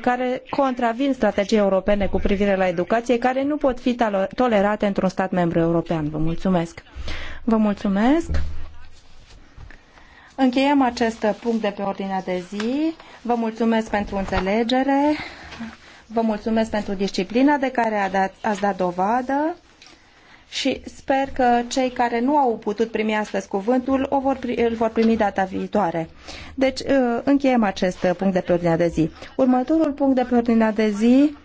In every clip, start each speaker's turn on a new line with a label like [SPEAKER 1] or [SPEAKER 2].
[SPEAKER 1] care contravin strategiei europene cu privire la educație, care nu pot fi tolerate într-un stat membru european. Vă mulțumesc! Vă mulțumesc! Încheiem acest punct de pe ordinea de zi. Vă mulțumesc pentru înțelegere, vă mulțumesc pentru disciplina de care ați dat dovadă și sper că cei care nu au putut primi astăzi cuvântul o vor, îl vor primi data viitoare. Deci uh, încheiem acest punct de pe ordinea de zi. Următorul punct de pe ordinea de zi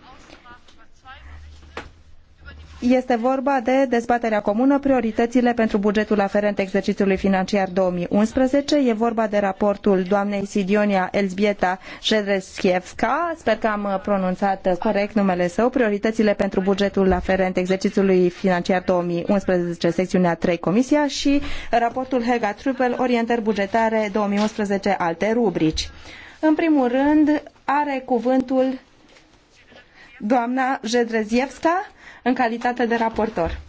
[SPEAKER 1] este vorba de dezbaterea comună, prioritățile pentru bugetul aferent exercițiului financiar 2011. E vorba de raportul doamnei Sidionia Elzbieta Jedreskiewska, sper că am uh, pronunțat uh, corect numele său, prioritățile pentru bugetul aferent exercițiului financiar 2011, secțiunea 3, Comisia și raportul Hega Trupel, orientări bugetare 2011, alte rubrici. În primul rând, are cuvântul doamna Jedrezievska în calitate de raportor.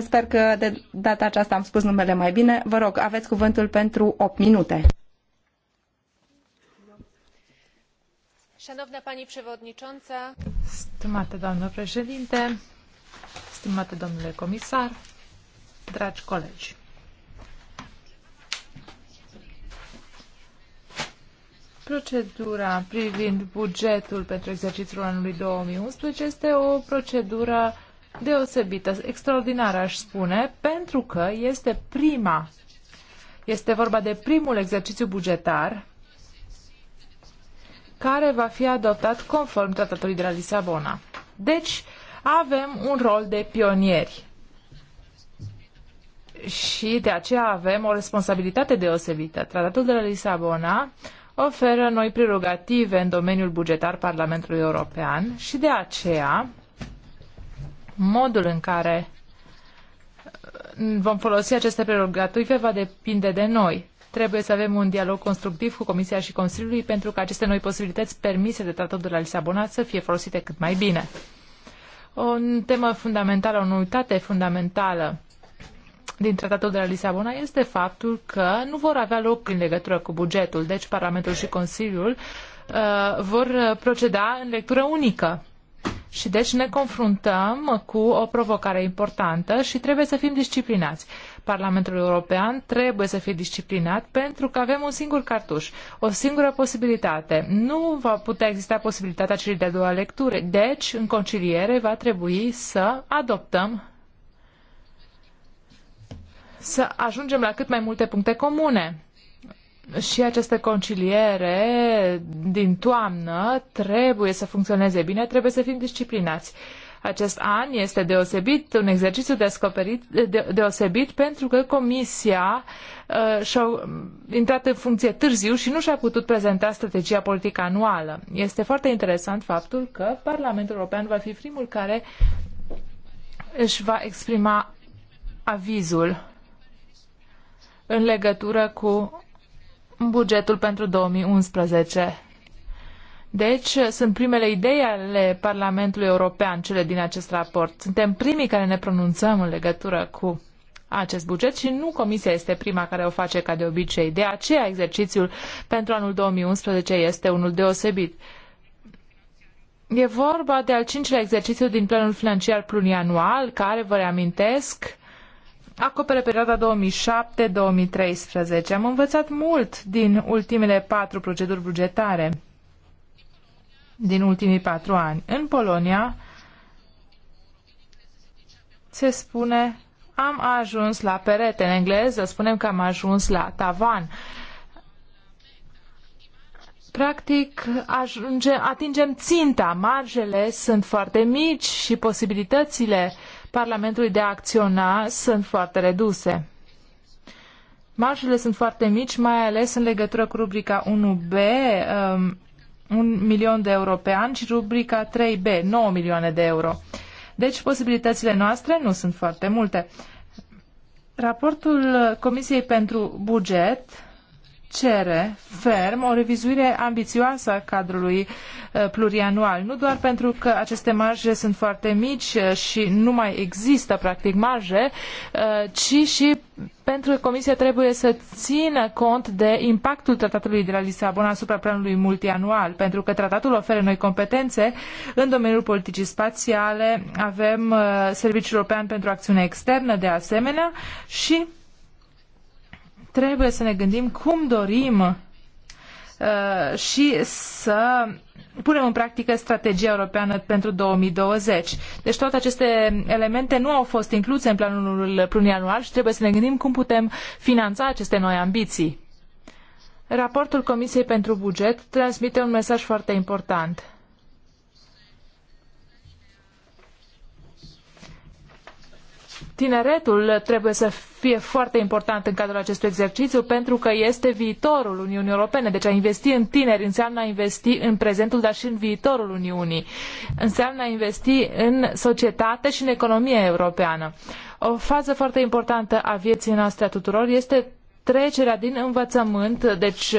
[SPEAKER 1] Sper că de data aceasta am spus numele mai bine. Vă rog, aveți cuvântul pentru 8 minute.
[SPEAKER 2] Szanowna Pani Przewodnicząca. Stimate doamnă președinte, stimate domnule comisar, dragi colegi. Procedura privind bugetul pentru exercițiul anului 2011 este o procedură deosebită, extraordinară, aș spune, pentru că este prima, este vorba de primul exercițiu bugetar care va fi adoptat conform tratatului de la Lisabona. Deci, avem un rol de pionieri și de aceea avem o responsabilitate deosebită. Tratatul de la Lisabona oferă noi prerogative în domeniul bugetar Parlamentului European și de aceea modul în care uh, vom folosi aceste prerogative va depinde de noi. Trebuie să avem un dialog constructiv cu Comisia și consiliul pentru că aceste noi posibilități permise de Tratatul de la Lisabona să fie folosite cât mai bine. O temă fundamentală, o noutate fundamentală din Tratatul de la Lisabona este faptul că nu vor avea loc în legătură cu bugetul, deci Parlamentul și Consiliul uh, vor proceda în lectură unică. Și deci ne confruntăm cu o provocare importantă și trebuie să fim disciplinați. Parlamentul European trebuie să fie disciplinat pentru că avem un singur cartuș, o singură posibilitate. Nu va putea exista posibilitatea celei de-a doua lecture. Deci, în conciliere, va trebui să adoptăm să ajungem la cât mai multe puncte comune. Și această conciliere din toamnă trebuie să funcționeze bine, trebuie să fim disciplinați. Acest an este deosebit, un exercițiu descoperit, de, deosebit pentru că Comisia uh, și-a intrat în funcție târziu și nu și-a putut prezenta strategia politică anuală. Este foarte interesant faptul că Parlamentul European va fi primul care își va exprima avizul în legătură cu bugetul pentru 2011. Deci, sunt primele idei ale Parlamentului European, cele din acest raport. Suntem primii care ne pronunțăm în legătură cu acest buget și nu Comisia este prima care o face ca de obicei. De aceea, exercițiul pentru anul 2011 este unul deosebit. E vorba de al cincilea exercițiu din planul financiar plurianual, care, vă reamintesc, acopere perioada 2007-2013. Am învățat mult din ultimele patru proceduri bugetare din ultimii patru ani. În Polonia se spune am ajuns la perete. În engleză spunem că am ajuns la tavan. Practic, ajungem, atingem ținta, marjele sunt foarte mici și posibilitățile uh, Parlamentului de a acționa sunt foarte reduse. Marjele sunt foarte mici, mai ales în legătură cu rubrica 1B, um, un milion de euro pe an, și rubrica 3B, 9 milioane de euro. Deci posibilitățile noastre nu sunt foarte multe. Raportul Comisiei pentru Buget cere ferm o revizuire ambițioasă a cadrului uh, plurianual, nu doar pentru că aceste marje sunt foarte mici uh, și nu mai există practic marje, uh, ci și pentru că Comisia trebuie să țină cont de impactul tratatului de la Lisabona asupra planului multianual, pentru că tratatul oferă noi competențe în domeniul politicii spațiale, avem Serviciul European pentru Acțiune Externă de asemenea și trebuie să ne gândim cum dorim uh, și să punem în practică strategia europeană pentru 2020. Deci toate aceste elemente nu au fost incluse în planul plurianual și trebuie să ne gândim cum putem finanța aceste noi ambiții. Raportul Comisiei pentru Buget transmite un mesaj foarte important. Tineretul trebuie să fie foarte important în cadrul acestui exercițiu pentru că este viitorul Uniunii Europene. Deci a investi în tineri înseamnă a investi în prezentul, dar și în viitorul Uniunii. Înseamnă a investi în societate și în economia europeană. O fază foarte importantă a vieții noastre a tuturor este trecerea din învățământ, deci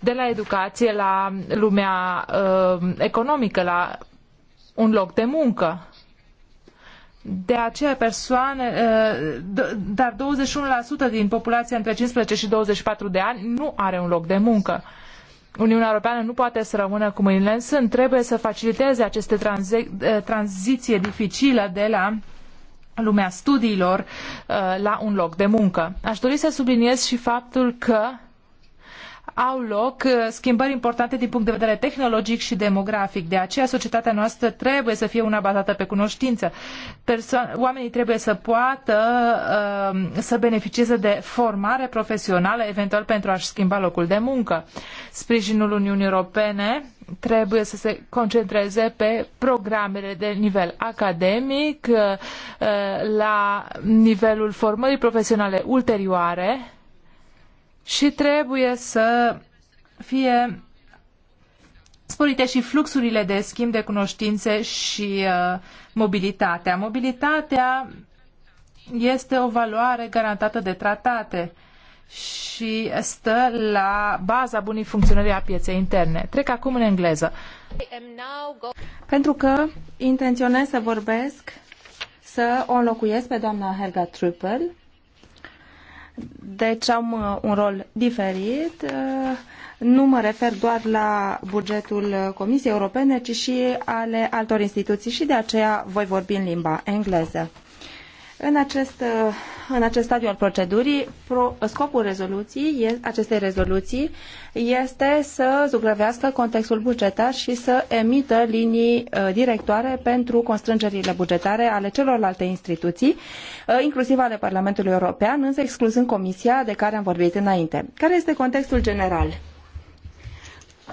[SPEAKER 2] de la educație la lumea uh, economică, la un loc de muncă. De aceea persoane, uh, dar 21% din populația între 15 și 24 de ani nu are un loc de muncă. Uniunea Europeană nu poate să rămână cu mâinile în sân, trebuie să faciliteze aceste tranzi- uh, tranziție dificilă de la lumea studiilor uh, la un loc de muncă. Aș dori să subliniez și faptul că au loc uh, schimbări importante din punct de vedere tehnologic și demografic. De aceea societatea noastră trebuie să fie una bazată pe cunoștință. Perso- oamenii trebuie să poată uh, să beneficieze de formare profesională, eventual pentru a-și schimba locul de muncă. Sprijinul Uniunii Europene trebuie să se concentreze pe programele de nivel academic, uh, la nivelul formării profesionale ulterioare, și trebuie să fie sporite și fluxurile de schimb de cunoștințe și uh, mobilitatea. Mobilitatea este o valoare garantată de tratate și stă la baza bunii funcționări a pieței interne. Trec acum în engleză. Pentru că intenționez să vorbesc,
[SPEAKER 1] să o înlocuiesc pe doamna Helga Trüppel, deci am uh, un rol diferit. Uh, nu mă refer doar la bugetul Comisiei Europene, ci și ale altor instituții și de aceea voi vorbi în limba engleză. În acest, în acest stadiu al procedurii, pro, scopul rezoluției, acestei rezoluții este să zugrăvească contextul bugetar și să emită linii uh, directoare pentru constrângerile bugetare ale celorlalte instituții, uh, inclusiv ale Parlamentului European, însă excluzând Comisia de care am vorbit înainte. Care este contextul general?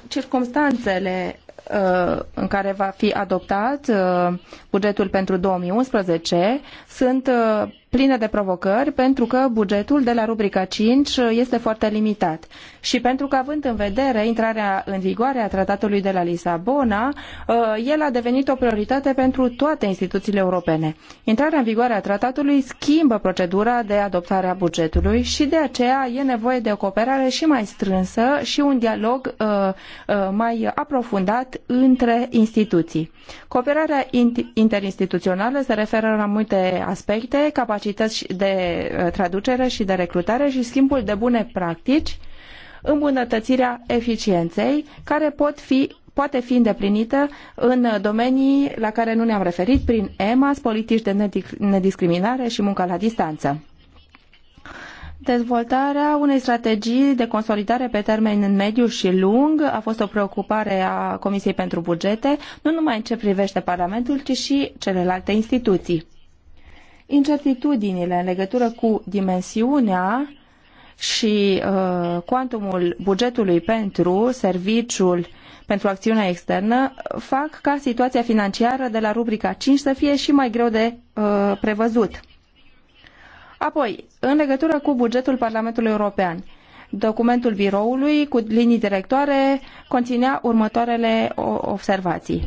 [SPEAKER 1] circumstanțele Uh, în care va fi adoptat uh, bugetul pentru 2011 sunt uh, plină de provocări pentru că bugetul de la rubrica 5 este foarte limitat și pentru că având în vedere intrarea în vigoare a tratatului de la Lisabona, uh, el a devenit o prioritate pentru toate instituțiile europene. Intrarea în vigoare a tratatului schimbă procedura de adoptare a bugetului și de aceea e nevoie de o cooperare și mai strânsă și un dialog uh, uh, mai aprofundat între instituții. Cooperarea interinstituțională se referă la multe aspecte, capacitatea capacități de uh, traducere și de recrutare și schimbul de bune practici, îmbunătățirea eficienței, care pot fi poate fi îndeplinită în domenii la care nu ne-am referit prin EMAS, politici de nediscriminare și munca la distanță. Dezvoltarea unei strategii de consolidare pe termen mediu și lung a fost o preocupare a Comisiei pentru Bugete, nu numai în ce privește Parlamentul, ci și celelalte instituții incertitudinile în legătură cu dimensiunea și uh, cuantumul bugetului pentru serviciul pentru acțiunea externă fac ca situația financiară de la rubrica 5 să fie și mai greu de uh, prevăzut. Apoi, în legătură cu bugetul Parlamentului European, documentul biroului cu linii directoare conținea următoarele observații.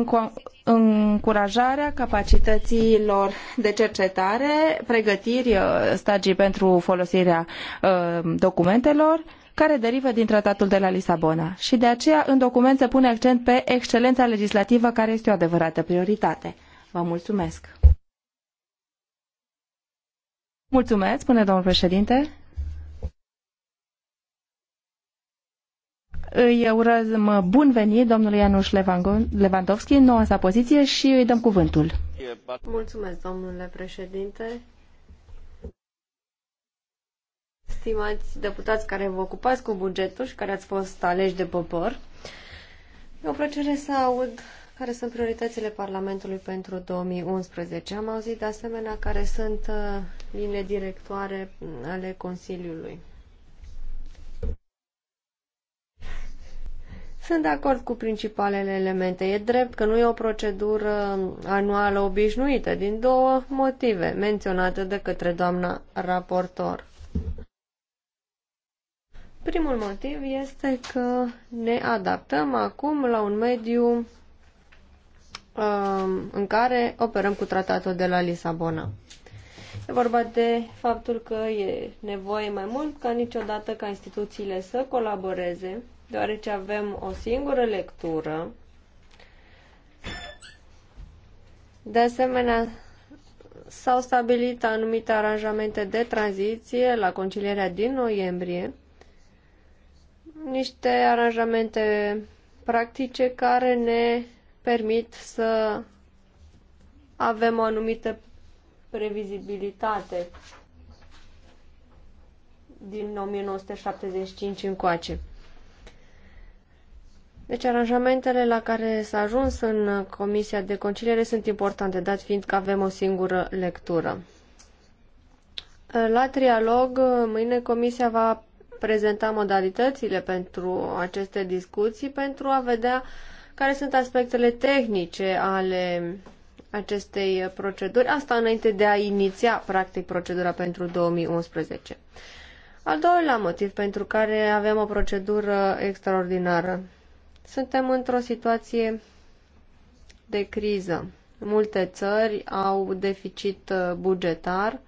[SPEAKER 1] Uh, încurajarea capacităților de cercetare, pregătiri, uh, stagii pentru folosirea uh, documentelor care derivă din tratatul de la Lisabona. Și de aceea în document se pune accent pe excelența legislativă care este o adevărată prioritate. Vă mulțumesc! Mulțumesc, spune domnul președinte. Îi urez bun venit domnului Ianuș Lewandowski în noua sa poziție și îi dăm cuvântul.
[SPEAKER 3] Mulțumesc, domnule președinte. Stimați deputați care vă ocupați cu bugetul și care ați fost aleși de popor, e o plăcere să aud care sunt prioritățile Parlamentului pentru 2011. Am auzit de asemenea care sunt uh, linii directoare ale Consiliului Sunt de acord cu principalele elemente. E drept că nu e o procedură anuală obișnuită, din două motive menționate de către doamna raportor. Primul motiv este că ne adaptăm acum la un mediu um, în care operăm cu tratatul de la Lisabona. E vorba de faptul că e nevoie mai mult ca niciodată ca instituțiile să colaboreze deoarece avem o singură lectură. De asemenea, s-au stabilit anumite aranjamente de tranziție la concilierea din noiembrie, niște aranjamente practice care ne permit să avem o anumită previzibilitate din 1975 încoace. Deci aranjamentele la care s-a ajuns în Comisia de Conciliere sunt importante, dat fiind că avem o singură lectură. La trialog, mâine Comisia va prezenta modalitățile pentru aceste discuții pentru a vedea care sunt aspectele tehnice ale acestei proceduri, asta înainte de a iniția, practic, procedura pentru 2011. Al doilea motiv pentru care avem o procedură extraordinară suntem într-o situație de criză. Multe țări au deficit uh, bugetar,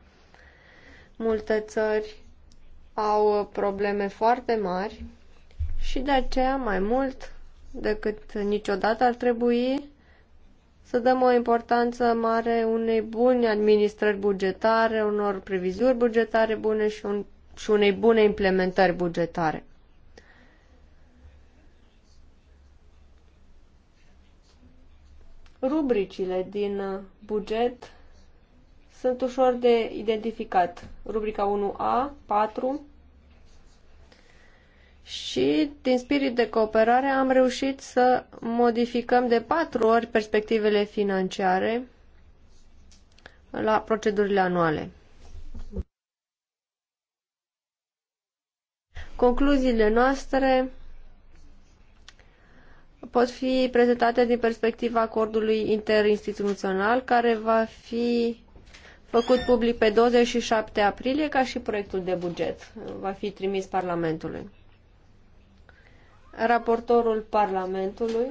[SPEAKER 3] multe țări au uh, probleme foarte mari și de aceea mai mult decât niciodată ar trebui să dăm o importanță mare unei bune administrări bugetare, unor previziuni bugetare bune și, un, și unei bune implementări bugetare. Rubricile din uh, buget sunt ușor de identificat. Rubrica 1A, 4. Și din spirit de cooperare am reușit să modificăm de patru ori perspectivele financiare la procedurile anuale. Concluziile noastre pot fi prezentate din perspectiva acordului interinstituțional care va fi făcut public pe 27 aprilie ca și proiectul de buget. Va fi trimis Parlamentului. Raportorul Parlamentului,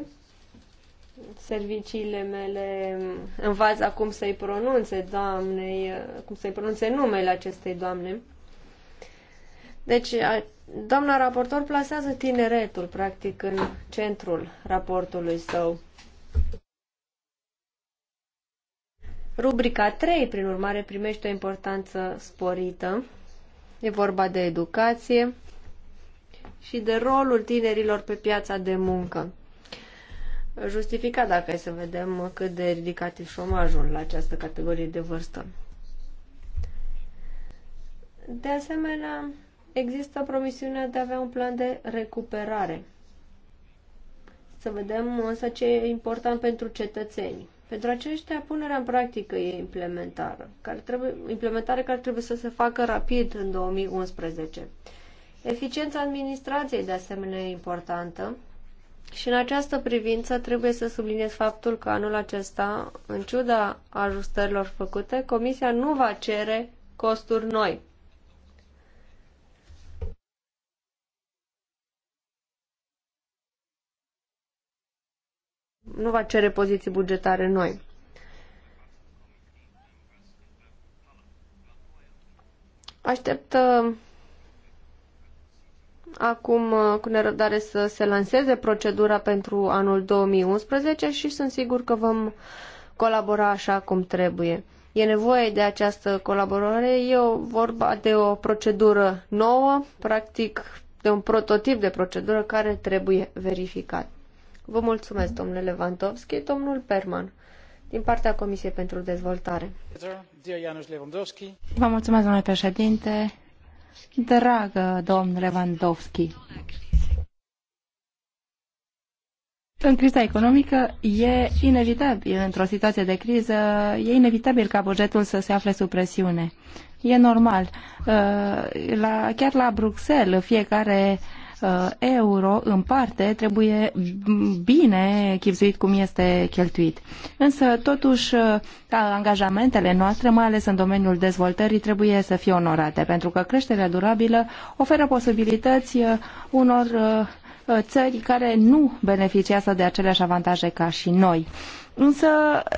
[SPEAKER 3] serviciile mele învață cum să-i pronunțe doamnei, cum să-i pronunțe numele acestei doamne. Deci Doamna raportor plasează tineretul, practic, în centrul raportului său. Rubrica 3, prin urmare, primește o importanță sporită. E vorba de educație și de rolul tinerilor pe piața de muncă. Justificat dacă e să vedem cât de ridicat e șomajul la această categorie de vârstă. De asemenea, există promisiunea de a avea un plan de recuperare. Să vedem însă ce e important pentru cetățeni. Pentru aceștia, punerea în practică e implementară, care trebuie, implementare care trebuie să se facă rapid în 2011. Eficiența administrației, de asemenea, e importantă și în această privință trebuie să subliniez faptul că anul acesta, în ciuda ajustărilor făcute, Comisia nu va cere costuri noi nu va cere poziții bugetare noi. Aștept uh, acum uh, cu nerăbdare să se lanseze procedura pentru anul 2011 și sunt sigur că vom colabora așa cum trebuie. E nevoie de această colaborare, e o vorba de o procedură nouă, practic de un prototip de procedură care trebuie verificat. Vă mulțumesc, domnule Lewandowski, domnul Perman, din partea Comisiei
[SPEAKER 1] pentru Dezvoltare. Vă mulțumesc, domnule președinte. Dragă domnule Lewandowski, În criza economică e inevitabil, într-o situație de criză, e inevitabil ca bugetul să se afle sub presiune. E normal. Uh, la, chiar la Bruxelles, fiecare uh, Uh, euro în parte trebuie bine chipzuit cum este cheltuit. Însă, totuși, uh, angajamentele noastre, mai ales în domeniul dezvoltării, trebuie să fie onorate, pentru că creșterea durabilă oferă posibilități uh, unor țări care nu beneficiază de aceleași avantaje ca și noi. Însă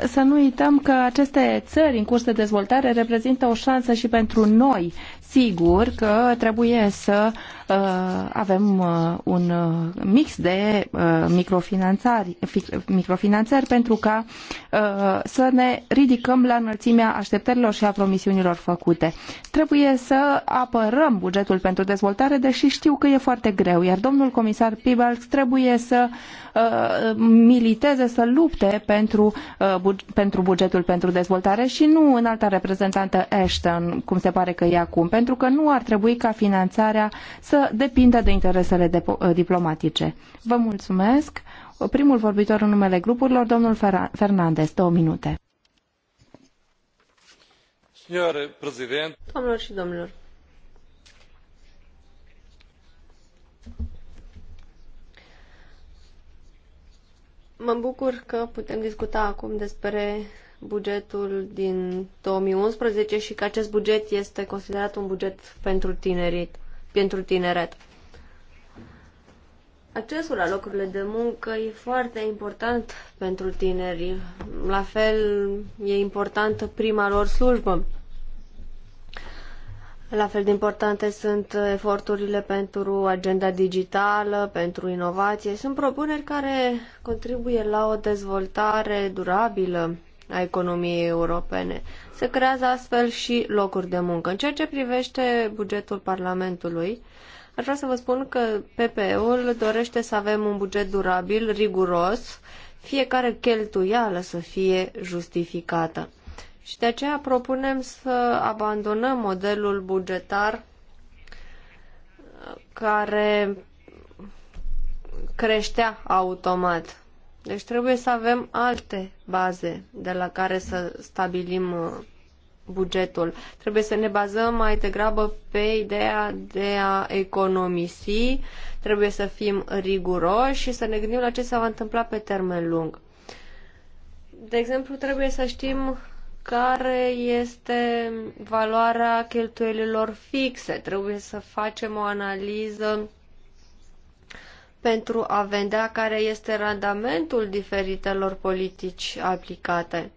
[SPEAKER 1] să nu uităm că aceste țări în curs de dezvoltare reprezintă o șansă și pentru noi sigur că trebuie să uh, avem uh, un uh, mix de uh, pentru ca uh, să ne ridicăm la înălțimea așteptărilor și a promisiunilor făcute. Trebuie să apărăm bugetul pentru dezvoltare, deși știu că e foarte greu, iar domnul comisar Pibalx trebuie să uh, militeze, să lupte pentru, uh, bu pentru bugetul pentru dezvoltare și nu în alta reprezentantă Ashton, cum se pare că e acum, pentru că nu ar trebui ca finanțarea să depindă de interesele eh, diplomatice. Vă mulțumesc. Primul vorbitor în numele grupurilor, domnul Fernandez, două minute.
[SPEAKER 3] Domnilor și domnilor, mă bucur că putem discuta acum despre bugetul din 2011 și că acest buget este considerat un buget pentru, tinerit, pentru tineret. Accesul la locurile de muncă e foarte important pentru tineri. La fel e importantă prima lor slujbă. La fel de importante sunt eforturile pentru agenda digitală, pentru inovație. Sunt propuneri care contribuie la o dezvoltare durabilă a economiei europene. Se creează astfel și locuri de muncă. În ceea ce privește bugetul Parlamentului, aș vrea să vă spun că PPE-ul dorește să avem un buget durabil, riguros, fiecare cheltuială să fie justificată. Și de aceea propunem să abandonăm modelul bugetar care creștea automat. Deci trebuie să avem alte baze de la care să stabilim uh, bugetul. Trebuie să ne bazăm mai degrabă pe ideea de a economisi, trebuie să fim riguroși și să ne gândim la ce se va întâmpla pe termen lung. De exemplu, trebuie să știm care este valoarea cheltuielilor fixe. Trebuie să facem o analiză pentru a vedea care este randamentul diferitelor politici aplicate.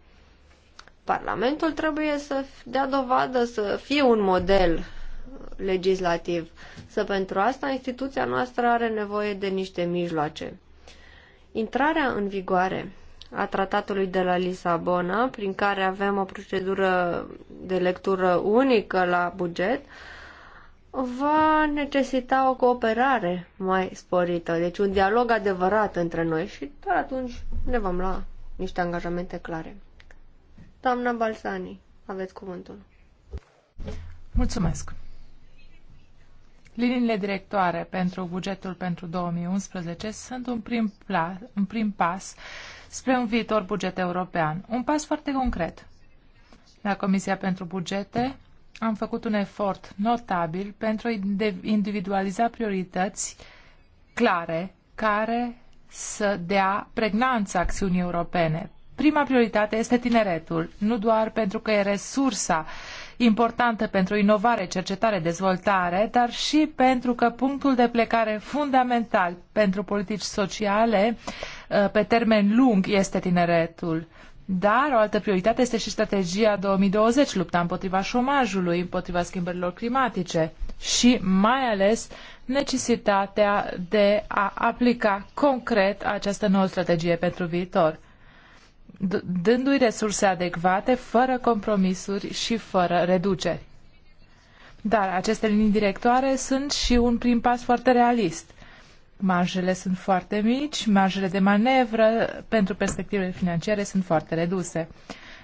[SPEAKER 3] Parlamentul trebuie să dea dovadă să fie un model legislativ, să pentru asta instituția noastră are nevoie de niște mijloace. Intrarea în vigoare a tratatului de la Lisabona, prin care avem o procedură de lectură unică la buget, uh, va necesita o cooperare mai sporită, deci un dialog adevărat între noi și doar atunci ne vom lua niște angajamente clare. Doamna Balsani, aveți cuvântul.
[SPEAKER 2] Mulțumesc. Liniile directoare pentru bugetul pentru 2011 sunt un prim, pla, un prim pas spre un viitor buget european. Un pas foarte concret. La Comisia pentru Bugete am făcut un efort notabil pentru a individualiza priorități clare care să dea pregnanță acțiunii europene. Prima prioritate este tineretul, nu doar pentru că e resursa importantă pentru inovare, cercetare, dezvoltare, dar și pentru că punctul de plecare fundamental pentru politici sociale uh, pe termen lung este tineretul. Dar o altă prioritate este și strategia 2020, lupta împotriva șomajului, împotriva schimbărilor climatice și mai ales necesitatea de a aplica concret această nouă strategie pentru viitor, dându-i resurse adecvate, fără compromisuri și fără reduceri. Dar aceste linii directoare sunt și un prim pas foarte realist – marjele sunt foarte mici, marjele de manevră pentru perspectivele financiare sunt foarte reduse.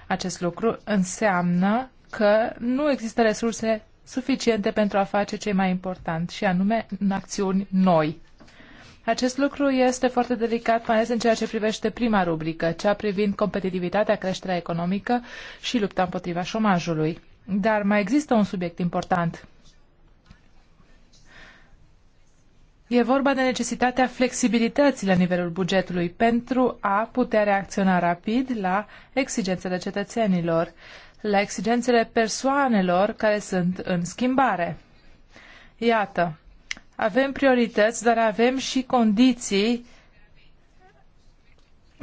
[SPEAKER 2] Acest lucru înseamnă că nu există resurse suficiente pentru a face ce mai important, și anume în acțiuni noi. Acest lucru este foarte delicat, mai ales în ceea ce privește prima rubrică, cea privind competitivitatea, creșterea economică și lupta împotriva șomajului. Dar mai există un subiect important E vorba de necesitatea flexibilității la nivelul bugetului pentru a putea reacționa rapid la exigențele cetățenilor, la exigențele persoanelor care sunt în schimbare. Iată, avem priorități, dar avem și condiții uh,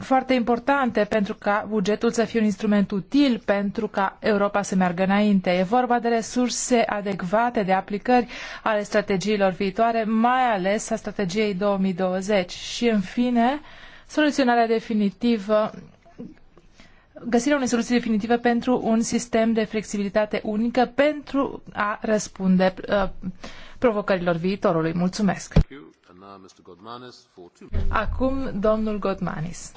[SPEAKER 2] foarte importante pentru ca bugetul să fie un instrument util pentru ca Europa să meargă înainte. E vorba de resurse adecvate, de aplicări ale strategiilor viitoare, mai ales a strategiei 2020 și, în fine, soluționarea definitivă găsirea unei soluții definitive pentru un sistem de flexibilitate unică pentru a răspunde uh, provocărilor viitorului. Mulțumesc! Acum, domnul Godmanis.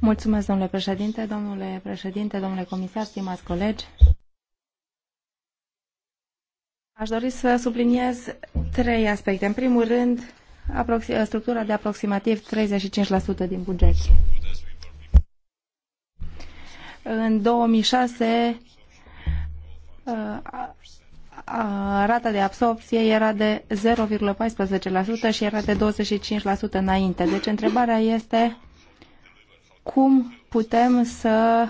[SPEAKER 1] Mulțumesc, domnule președinte, domnule președinte, domnule comisar, stimați colegi. Aș dori să subliniez trei aspecte. În primul rând, structura de aproximativ cinci din buget. În șase uh, rata de absorpție era de 0,14% și era de 25% înainte. Deci întrebarea este cum putem să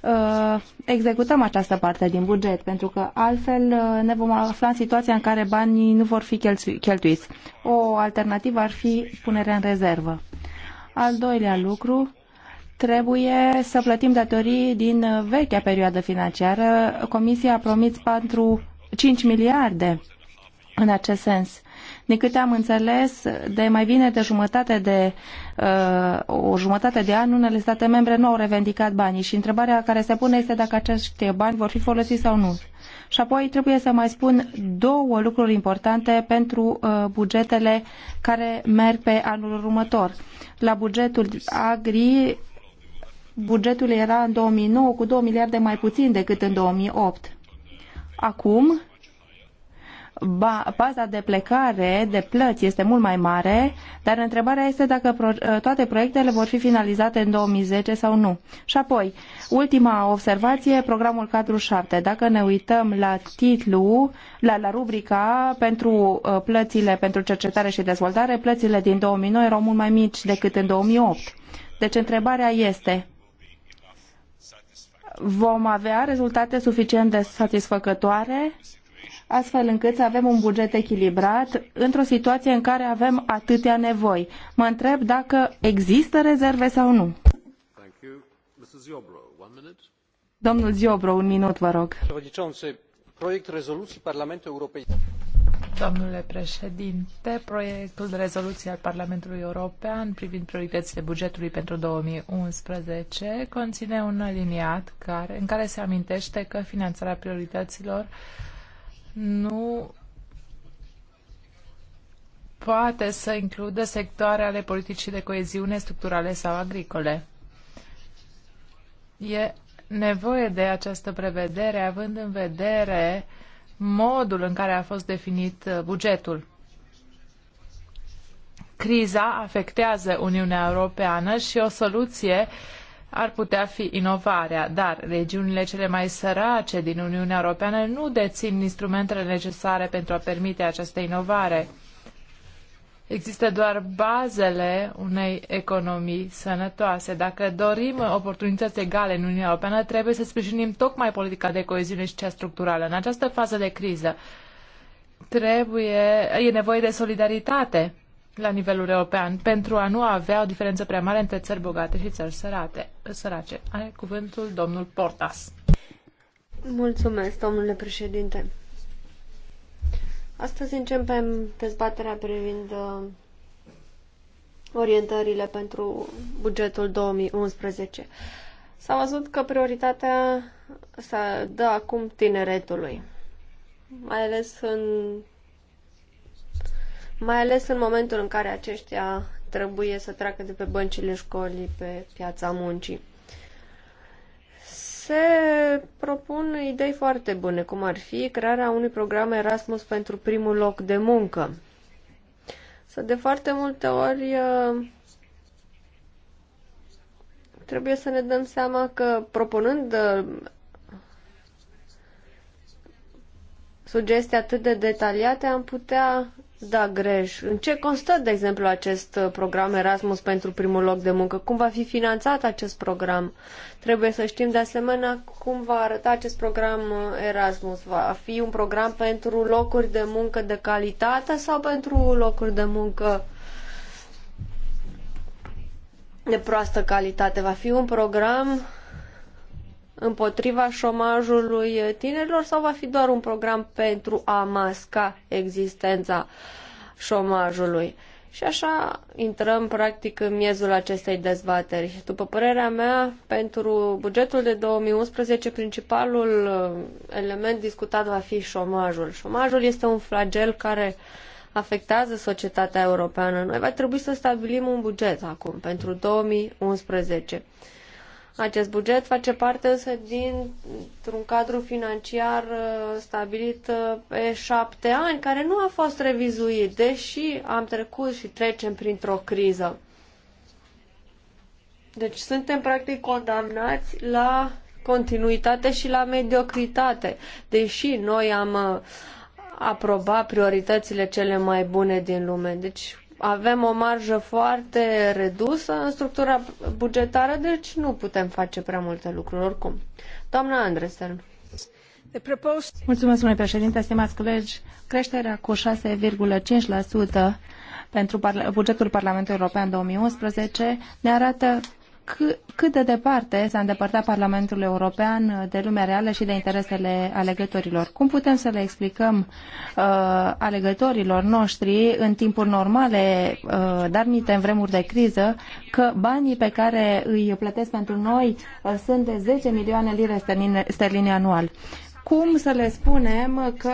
[SPEAKER 1] uh, executăm această parte din buget, pentru că altfel uh, ne vom afla în situația în care banii nu vor fi cheltu- cheltuiți. O alternativă ar fi punerea în rezervă. Al doilea lucru, trebuie să plătim datorii din vechea perioadă financiară. Comisia a promis 4, 5 miliarde în acest sens. Din câte am înțeles, de mai bine de jumătate de uh, o jumătate de an, unele state membre nu au revendicat banii și întrebarea care se pune este dacă acești bani vor fi folosiți sau nu. Și apoi trebuie să mai spun două lucruri importante pentru uh, bugetele care merg pe anul următor. La bugetul agri bugetul era în 2009 cu 2 miliarde mai puțin decât în 2008. Acum, baza de plecare de plăți este mult mai mare, dar întrebarea este dacă ă, toate proiectele vor fi finalizate în 2010 sau nu. Și apoi, ultima observație, programul 47. Dacă ne uităm la titlu, la, la rubrica pentru ă, plățile pentru cercetare și dezvoltare, plățile din 2009 erau mult mai mici decât în 2008. Deci întrebarea este, vom avea rezultate suficient de satisfăcătoare astfel încât să avem un buget echilibrat într-o situație în care avem atâtea nevoi. Mă întreb dacă există rezerve sau nu. Domnul Ziobro, un minut, vă rog.
[SPEAKER 2] Domnule președinte, proiectul de rezoluție al Parlamentului European privind prioritățile bugetului pentru 2011 conține un aliniat care, în care se amintește că finanțarea priorităților nu poate să includă sectoare ale politicii de coeziune structurale sau agricole. E nevoie de această prevedere având în vedere uh, modul în care a fost definit uh, bugetul. Criza afectează Uniunea Europeană și o soluție ar putea fi inovarea, dar regiunile cele mai sărace din Uniunea Europeană nu dețin instrumentele necesare pentru a permite această inovare. Există doar bazele unei economii sănătoase. Dacă dorim oportunități egale în Uniunea Europeană, trebuie să sprijinim tocmai politica de coeziune și cea structurală. În această fază de criză trebuie, e nevoie de solidaritate la nivelul european pentru a nu avea o diferență prea mare între țări bogate și țări sărate, sărace. Are cuvântul domnul Portas.
[SPEAKER 3] Mulțumesc, domnule președinte. Astăzi începem dezbaterea privind uh, orientările pentru bugetul 2011. S-a văzut că prioritatea se dă acum tineretului, mai ales în mai ales în momentul în care aceștia trebuie să treacă de pe băncile școlii pe piața muncii se propun idei foarte bune, cum ar fi crearea unui program Erasmus pentru primul loc de muncă. Să de foarte multe ori uh, trebuie să ne dăm seama că propunând uh, sugestii atât de detaliate am putea da greș. În ce constă, de exemplu, acest uh, program Erasmus pentru primul loc de muncă? Cum va fi finanțat acest program? Trebuie să știm, de asemenea, cum va arăta acest program uh, Erasmus. Va fi un program pentru locuri de muncă de calitate sau pentru locuri de muncă de proastă calitate? Va fi un program împotriva șomajului tinerilor sau va fi doar un program pentru a masca existența șomajului? Și așa intrăm practic în miezul acestei dezbateri. După părerea mea, pentru bugetul de 2011, principalul uh, element discutat va fi șomajul. Șomajul este un flagel care afectează societatea europeană. Noi va trebui să stabilim un buget acum pentru 2011. Acest buget face parte însă
[SPEAKER 4] dintr-un
[SPEAKER 3] cadru financiar uh, stabilit uh, pe șapte ani, care nu a fost revizuit, deși am trecut și trecem printr-o criză. Deci suntem practic condamnați la continuitate și la mediocritate, deși noi am uh, aprobat prioritățile cele mai bune din lume. Deci avem o marjă foarte redusă în structura bugetară, deci nu putem face prea multe lucruri oricum. Doamna Andresen.
[SPEAKER 1] Mulțumesc, domnule președinte, stimați colegi. Creșterea cu 6,5% pentru bugetul Parlamentului European 2011 ne arată cât de departe s-a îndepărtat Parlamentul European de lumea reală și de interesele alegătorilor. Cum putem să le explicăm uh, alegătorilor noștri în timpuri normale, uh, dar mite în vremuri de criză, că banii pe care îi plătesc pentru noi uh, sunt de 10 milioane lire sterline, sterline anual? Uh, cum să le spunem că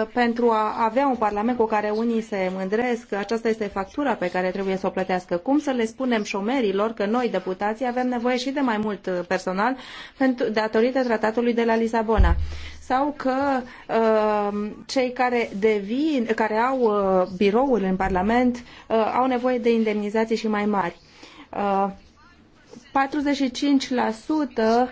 [SPEAKER 1] ă, pentru a avea un parlament cu care unii se mândresc, aceasta este factura pe care trebuie să o plătească. Cum să le spunem șomerilor că noi, deputații, avem nevoie și de mai mult personal pentru, datorită tratatului de la Lisabona? sau că uh, cei care devin, care au uh, ă, birouri în Parlament uh, au nevoie de indemnizații și mai mari. Uh,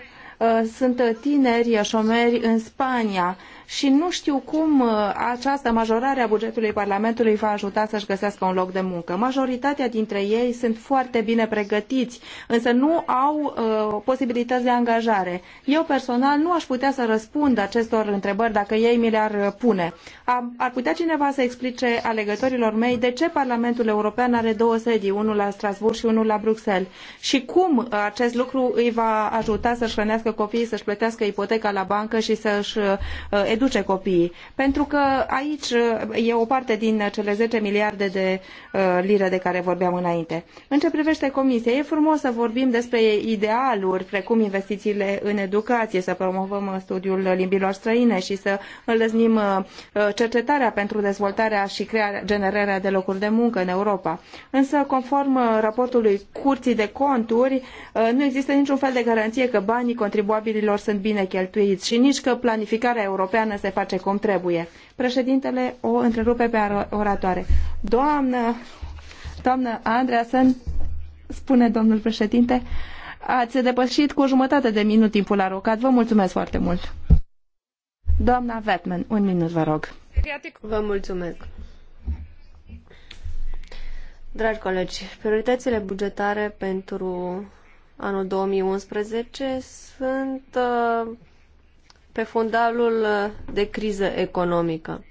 [SPEAKER 1] 45% Uh, sunt tineri șomeri în Spania și nu știu cum uh, această majorare a bugetului Parlamentului va ajuta să-și găsească un loc de muncă. Majoritatea dintre ei sunt foarte bine pregătiți, însă nu au uh, posibilități de angajare. Eu personal nu aș putea să răspund acestor întrebări dacă ei mi le-ar uh, pune. Ar, putea cineva să explice alegătorilor mei de ce Parlamentul European are două sedii, unul la Strasbourg și unul la Bruxelles și cum uh, acest lucru îi va ajuta să-și hrănească copiii, să-și plătească ipoteca la bancă și să-și uh, educe copiii. Pentru că aici e o parte din cele 10 miliarde de uh, lire de care vorbeam înainte. În ce privește comisia, e frumos să vorbim despre idealuri, precum investițiile în educație, să promovăm uh, studiul limbilor străine și să înlăznim uh, cercetarea pentru dezvoltarea și crearea, generarea de locuri de muncă în Europa. Însă, conform raportului Curții de Conturi, nu există niciun fel de garanție că banii contribuabililor sunt bine cheltuiți și nici că planificarea europeană Europeană se face cum trebuie. Președintele o întrerupe pe oratoare. Doamnă, doamnă Andreasen, spune domnul președinte, ați depășit cu o jumătate de minut timpul alocat. Vă mulțumesc foarte mult. Doamna Vetman, un minut, vă rog.
[SPEAKER 3] Vă mulțumesc. Dragi colegi, prioritățile bugetare pentru anul 2011 sunt uh, pe fundalul uh, de criză economică.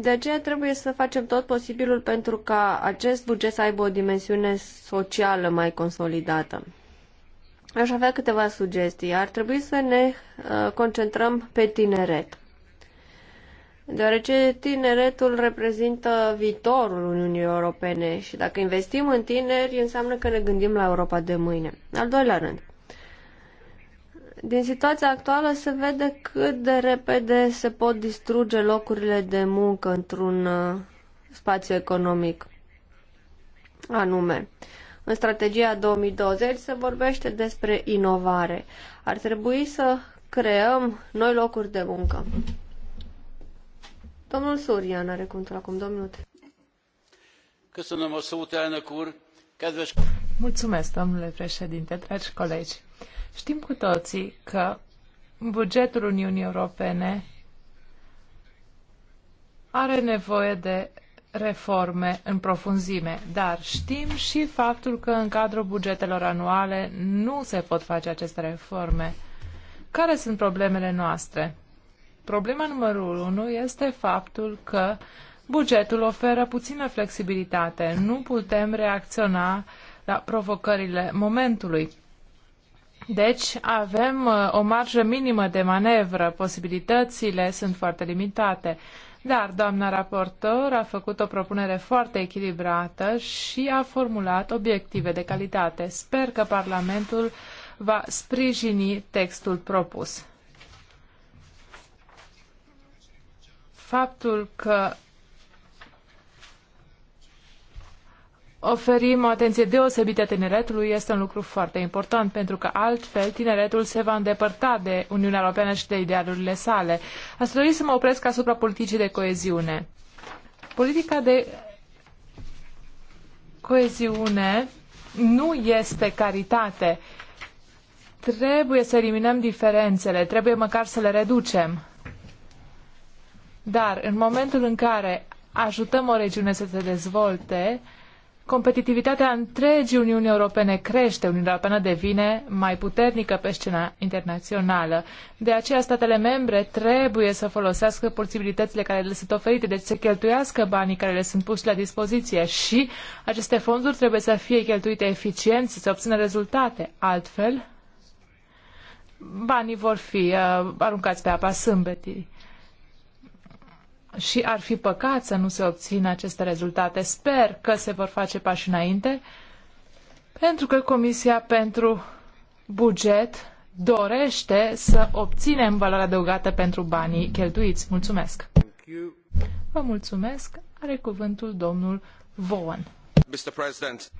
[SPEAKER 3] De aceea trebuie să facem tot posibilul pentru ca acest buget să aibă o dimensiune socială mai consolidată. Aș avea câteva sugestii. Ar trebui să ne uh, concentrăm pe tineret. Deoarece tineretul reprezintă viitorul Uniunii Europene și dacă investim în tineri, înseamnă că ne gândim la Europa de mâine. Al doilea rând, din situația actuală se vede cât de repede se pot distruge locurile de muncă într-un uh, spațiu economic anume. În strategia 2020 se vorbește despre inovare. Ar trebui să creăm noi locuri de muncă. Domnul Surian
[SPEAKER 2] are cuvântul acum două minute. Mulțumesc, domnule președinte, dragi colegi. Știm cu toții că bugetul Uniunii Europene are nevoie de reforme în profunzime, dar știm și faptul că în cadrul bugetelor anuale nu se pot face aceste reforme. Care sunt problemele noastre? Problema numărul unu este faptul că bugetul oferă puțină flexibilitate. Nu putem reacționa la provocările momentului. Deci avem uh, o marjă minimă de manevră, posibilitățile sunt foarte limitate. Dar doamna raportor a făcut o propunere foarte echilibrată și a formulat obiective de calitate. Sper că Parlamentul va sprijini textul propus. Faptul că oferim o atenție deosebită tineretului este un lucru foarte important, pentru că altfel tineretul se va îndepărta de Uniunea Europeană și de idealurile sale. Aș dori să mă opresc asupra politicii de coeziune. Politica de coeziune nu este caritate. Trebuie să eliminăm diferențele, trebuie măcar să le reducem. Dar în momentul în care ajutăm o regiune să se dezvolte, competitivitatea întregii Uniuni Europene crește, Uniunea Europeană devine mai puternică pe scena internațională. De aceea, statele membre trebuie să folosească posibilitățile care le sunt oferite, deci să cheltuiască banii care le sunt puși la dispoziție și aceste fonduri trebuie să fie cheltuite eficient, să se obțină rezultate. Altfel, banii vor fi uh, aruncați pe apa sâmbetii și ar fi păcat să nu se obțină aceste rezultate. Sper că se vor face pași înainte, pentru că Comisia pentru Buget dorește să obținem valoarea adăugată pentru banii cheltuiți. Mulțumesc! Vă mulțumesc! Are cuvântul domnul Vaughan.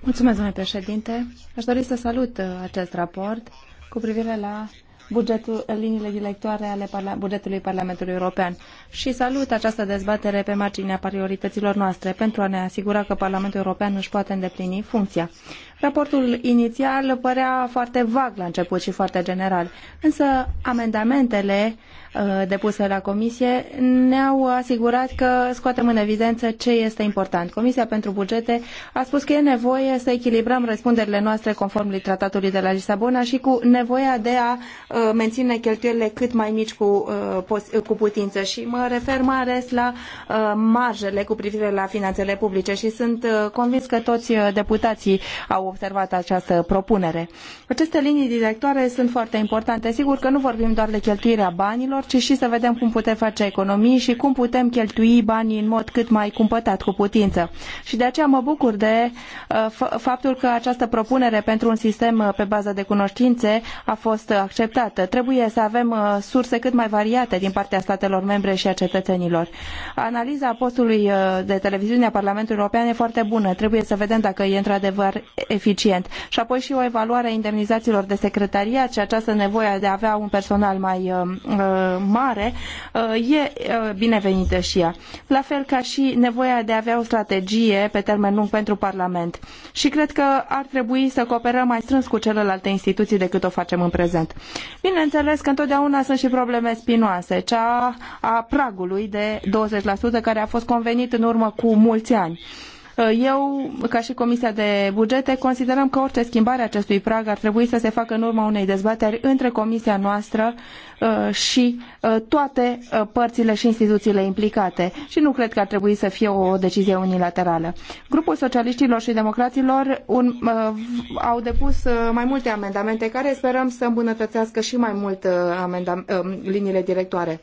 [SPEAKER 2] Mulțumesc, domnule președinte! Aș dori să salut uh, acest raport cu privire la bugetul,
[SPEAKER 1] liniile directoare ale parla, bugetului Parlamentului European și salut această dezbatere pe marginea priorităților noastre pentru a ne asigura că Parlamentul European își poate îndeplini funcția. Raportul inițial părea foarte vag la început și foarte general, însă amendamentele uh, depuse la comisie ne-au asigurat că scoatem în evidență ce este important. Comisia pentru bugete a spus că e nevoie să echilibrăm răspunderile noastre conform tratatului de la Lisabona și cu nevoia de a uh, menține cheltuielile cât mai mici cu, uh, cu putință și mă refer mai ales la marjele cu privire la finanțele publice și sunt convins că toți deputații au observat această propunere. Aceste linii directoare sunt foarte importante. Sigur că nu vorbim doar de cheltuirea banilor, ci și să vedem cum putem face economii și cum putem cheltui banii în mod cât mai cumpătat cu putință. Și de aceea mă bucur de uh, faptul că această propunere pentru un sistem uh, pe bază de cunoștințe a fost acceptată. Trebuie să avem uh, surse cât mai variate din partea statelor membre și a cetățenilor. Analiza postului de televiziune a Parlamentului European e foarte bună. Trebuie să vedem dacă e într-adevăr eficient. Și apoi și o evaluare a indemnizațiilor de secretariat și această nevoie de a avea un personal mai uh, uh, mare uh, e binevenită și ea. La fel ca și nevoia de a avea o strategie pe termen lung pentru Parlament. Și cred că ar trebui să cooperăm mai strâns cu celelalte instituții decât o facem în prezent. Bineînțeles că întotdeauna sunt și probleme spinoase, cea a pragului de 20% care a fost convenit în urmă cu mulți ani. Eu, ca și Comisia de Bugete, considerăm că orice schimbare a acestui prag ar trebui să se facă în urma unei dezbateri între Comisia noastră uh, și uh, toate uh, părțile și instituțiile implicate și nu cred că ar trebui să fie o decizie unilaterală. Grupul Socialiștilor și Democraților un, au depus mai multe amendamente care sperăm să îmbunătățească și mai mult amendam, liniile directoare.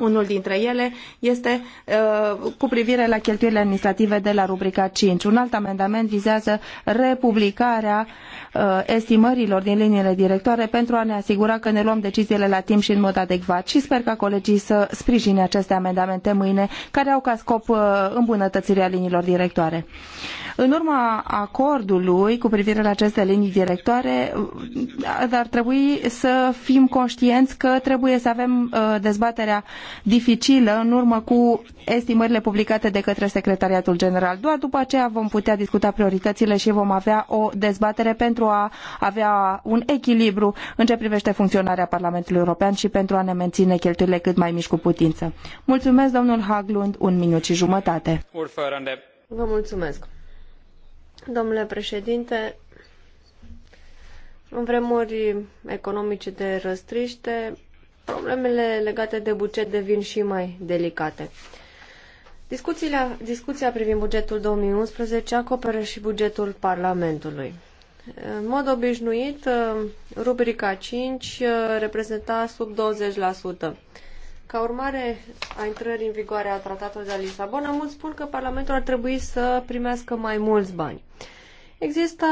[SPEAKER 1] Unul dintre ele este uh, cu privire la cheltuielile administrative de la rubrica 5. Un alt amendament vizează republicarea uh, estimărilor din liniile directoare pentru a ne asigura că ne luăm deciziile la timp și în mod adecvat și sper ca colegii să sprijine aceste amendamente mâine care au ca scop uh, îmbunătățirea liniilor directoare. În urma acordului cu privire la aceste linii directoare ar trebui să fim conștienți că trebuie să avem dezbaterea dificilă în urmă cu estimările publicate de către Secretariatul General. Doar după aceea vom putea discuta prioritățile și vom avea o dezbatere pentru a avea un echilibru în ce privește funcționarea Parlamentului European și pentru a ne menține cheltuielile cât mai mici cu putință. Mulțumesc, domnul Haglund, un minut și jumătate.
[SPEAKER 3] Vă mulțumesc. Domnule președinte, în vremuri economice de răstriște, problemele legate de buget devin și mai delicate. Discuțiile, discuția privind bugetul 2011 acoperă și bugetul Parlamentului. În mod obișnuit, uh, rubrica 5 uh, reprezenta sub 20%. Ca urmare a intrării în vigoare a Tratatului de la Lisabona, mulți spun că Parlamentul ar trebui să primească mai mulți bani. Există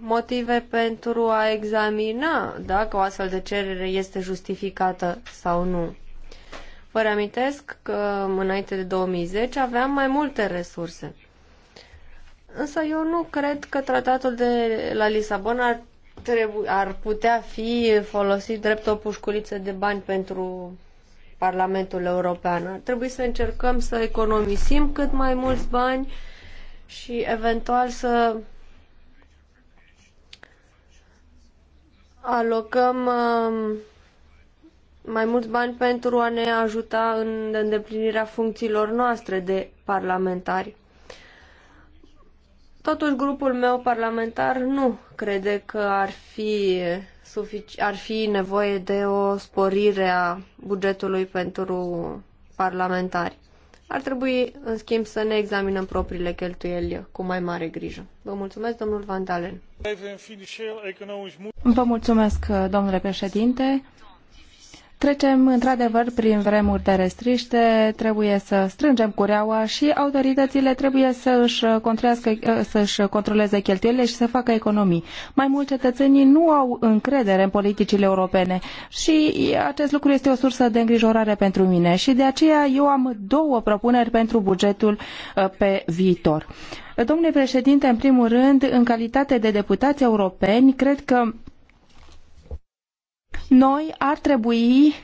[SPEAKER 3] motive pentru a examina dacă o astfel de cerere este justificată sau nu. Vă reamintesc că înainte de 2010 aveam mai multe resurse. Însă eu nu cred că tratatul de la Lisabona ar, trebu- ar putea fi folosit drept o pușculiță de bani pentru Parlamentul European. Ar trebui să încercăm să economisim cât mai mulți bani și eventual să alocăm um, mai mulți bani pentru a ne ajuta în îndeplinirea funcțiilor noastre de parlamentari. Totuși, grupul meu parlamentar nu crede că ar fi, ar fi nevoie de o sporire a bugetului pentru parlamentari. Ar trebui, în schimb, să ne examinăm propriile cheltuieli cu mai mare grijă. Vă mulțumesc, domnul Van Dalen.
[SPEAKER 1] Vă mulțumesc, domnule președinte. Trecem într-adevăr prin vremuri de restriște, trebuie să strângem cureaua și autoritățile trebuie să își, uh, uh, să controleze cheltuielile și să facă economii. Mai mulți cetățenii nu au încredere în politicile europene și acest lucru este o sursă de îngrijorare pentru mine și de aceea eu am două propuneri pentru bugetul uh, pe viitor. Domnule președinte, în primul rând, în calitate de deputați europeni, cred că noi ar trebui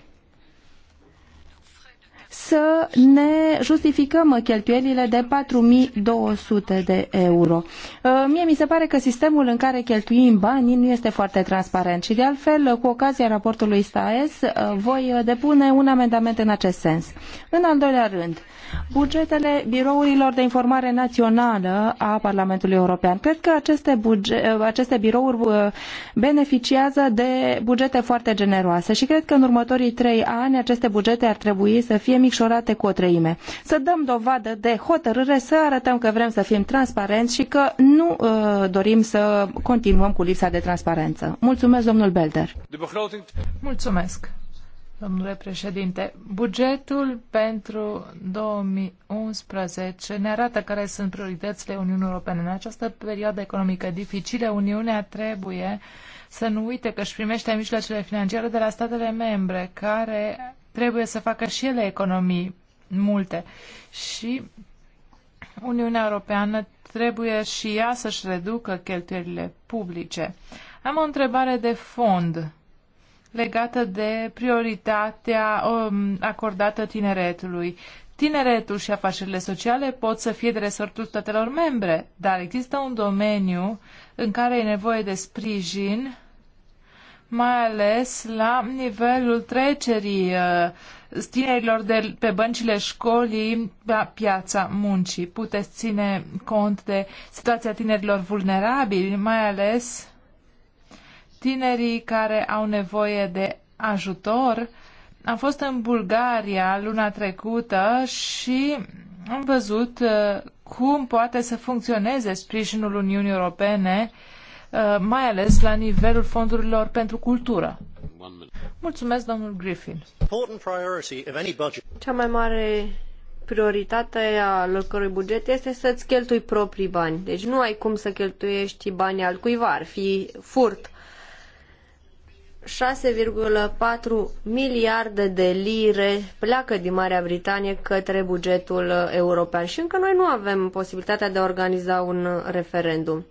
[SPEAKER 1] să ne justificăm cheltuielile de 4200 de euro. Uh, mie mi se pare că sistemul în care cheltuim banii nu este foarte transparent și de altfel, cu ocazia raportului STAES, uh, voi uh, depune un amendament în acest sens. În al doilea rând, bugetele birourilor de informare națională a Parlamentului European. Cred că aceste, buge- aceste birouri beneficiază de bugete foarte generoase și cred că în următorii trei ani aceste bugete ar trebui să fie micșorate cu o treime. Să dăm dovadă de hotărâre, să arătăm că vrem să fim transparenți și că nu uh, dorim să continuăm cu lipsa de transparență. Mulțumesc, domnul Belder.
[SPEAKER 2] Mulțumesc. Domnule președinte, bugetul pentru 2011 ne arată care sunt prioritățile Uniunii Europene. În această perioadă economică dificilă, Uniunea trebuie să nu uite că își primește mijloacele financiare de la statele membre, care trebuie să facă și ele economii multe. Și Uniunea Europeană trebuie și ea să-și reducă cheltuielile publice. Am o întrebare de fond legată de prioritatea um, acordată tineretului. Tineretul și afacerile sociale pot să fie de resortul statelor membre, dar există un domeniu în care e nevoie de sprijin mai ales la nivelul trecerii uh, tinerilor de pe băncile școlii la piața muncii. Puteți ține cont de situația tinerilor vulnerabili, mai ales tinerii care au nevoie de ajutor. Am fost în Bulgaria luna trecută și am văzut uh, cum poate să funcționeze sprijinul Uniunii Europene uh, Uh, mai ales la nivelul fondurilor pentru cultură. Mulțumesc, domnul Griffin. Cea mai mare prioritate
[SPEAKER 3] a oricărui buget este să-ți cheltui proprii bani. Deci nu ai cum să cheltuiești banii altcuiva, ar fi furt. 6,4 miliarde de lire pleacă din Marea Britanie către bugetul european și încă noi nu avem posibilitatea de a organiza un referendum.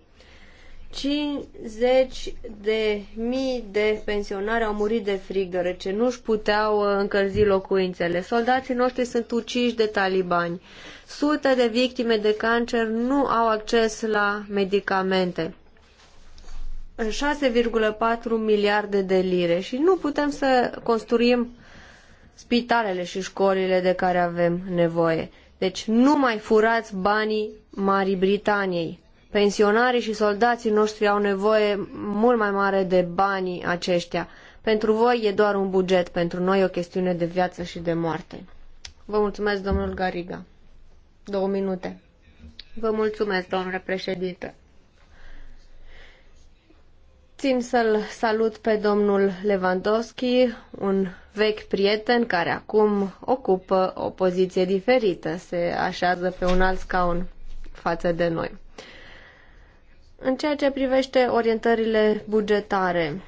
[SPEAKER 3] 50 de mii de pensionari au murit de frig, deoarece nu își puteau uh, încălzi locuințele. Soldații noștri sunt uciși de talibani. Sute de victime de cancer nu au acces la medicamente. 6,4 miliarde de lire și nu putem să construim spitalele și școlile de care avem nevoie. Deci nu mai furați banii Marii Britaniei Pensionarii și soldații noștri au nevoie mult mai mare de banii aceștia. Pentru voi e doar un buget, pentru noi e o chestiune de viață și de moarte. Vă mulțumesc, domnul Gariga. Două minute. Vă mulțumesc, domnule președinte. Țin să-l salut pe domnul Lewandowski, un vechi prieten care acum ocupă o poziție diferită, se așează pe un alt scaun față de noi. În ceea ce privește orientările bugetare,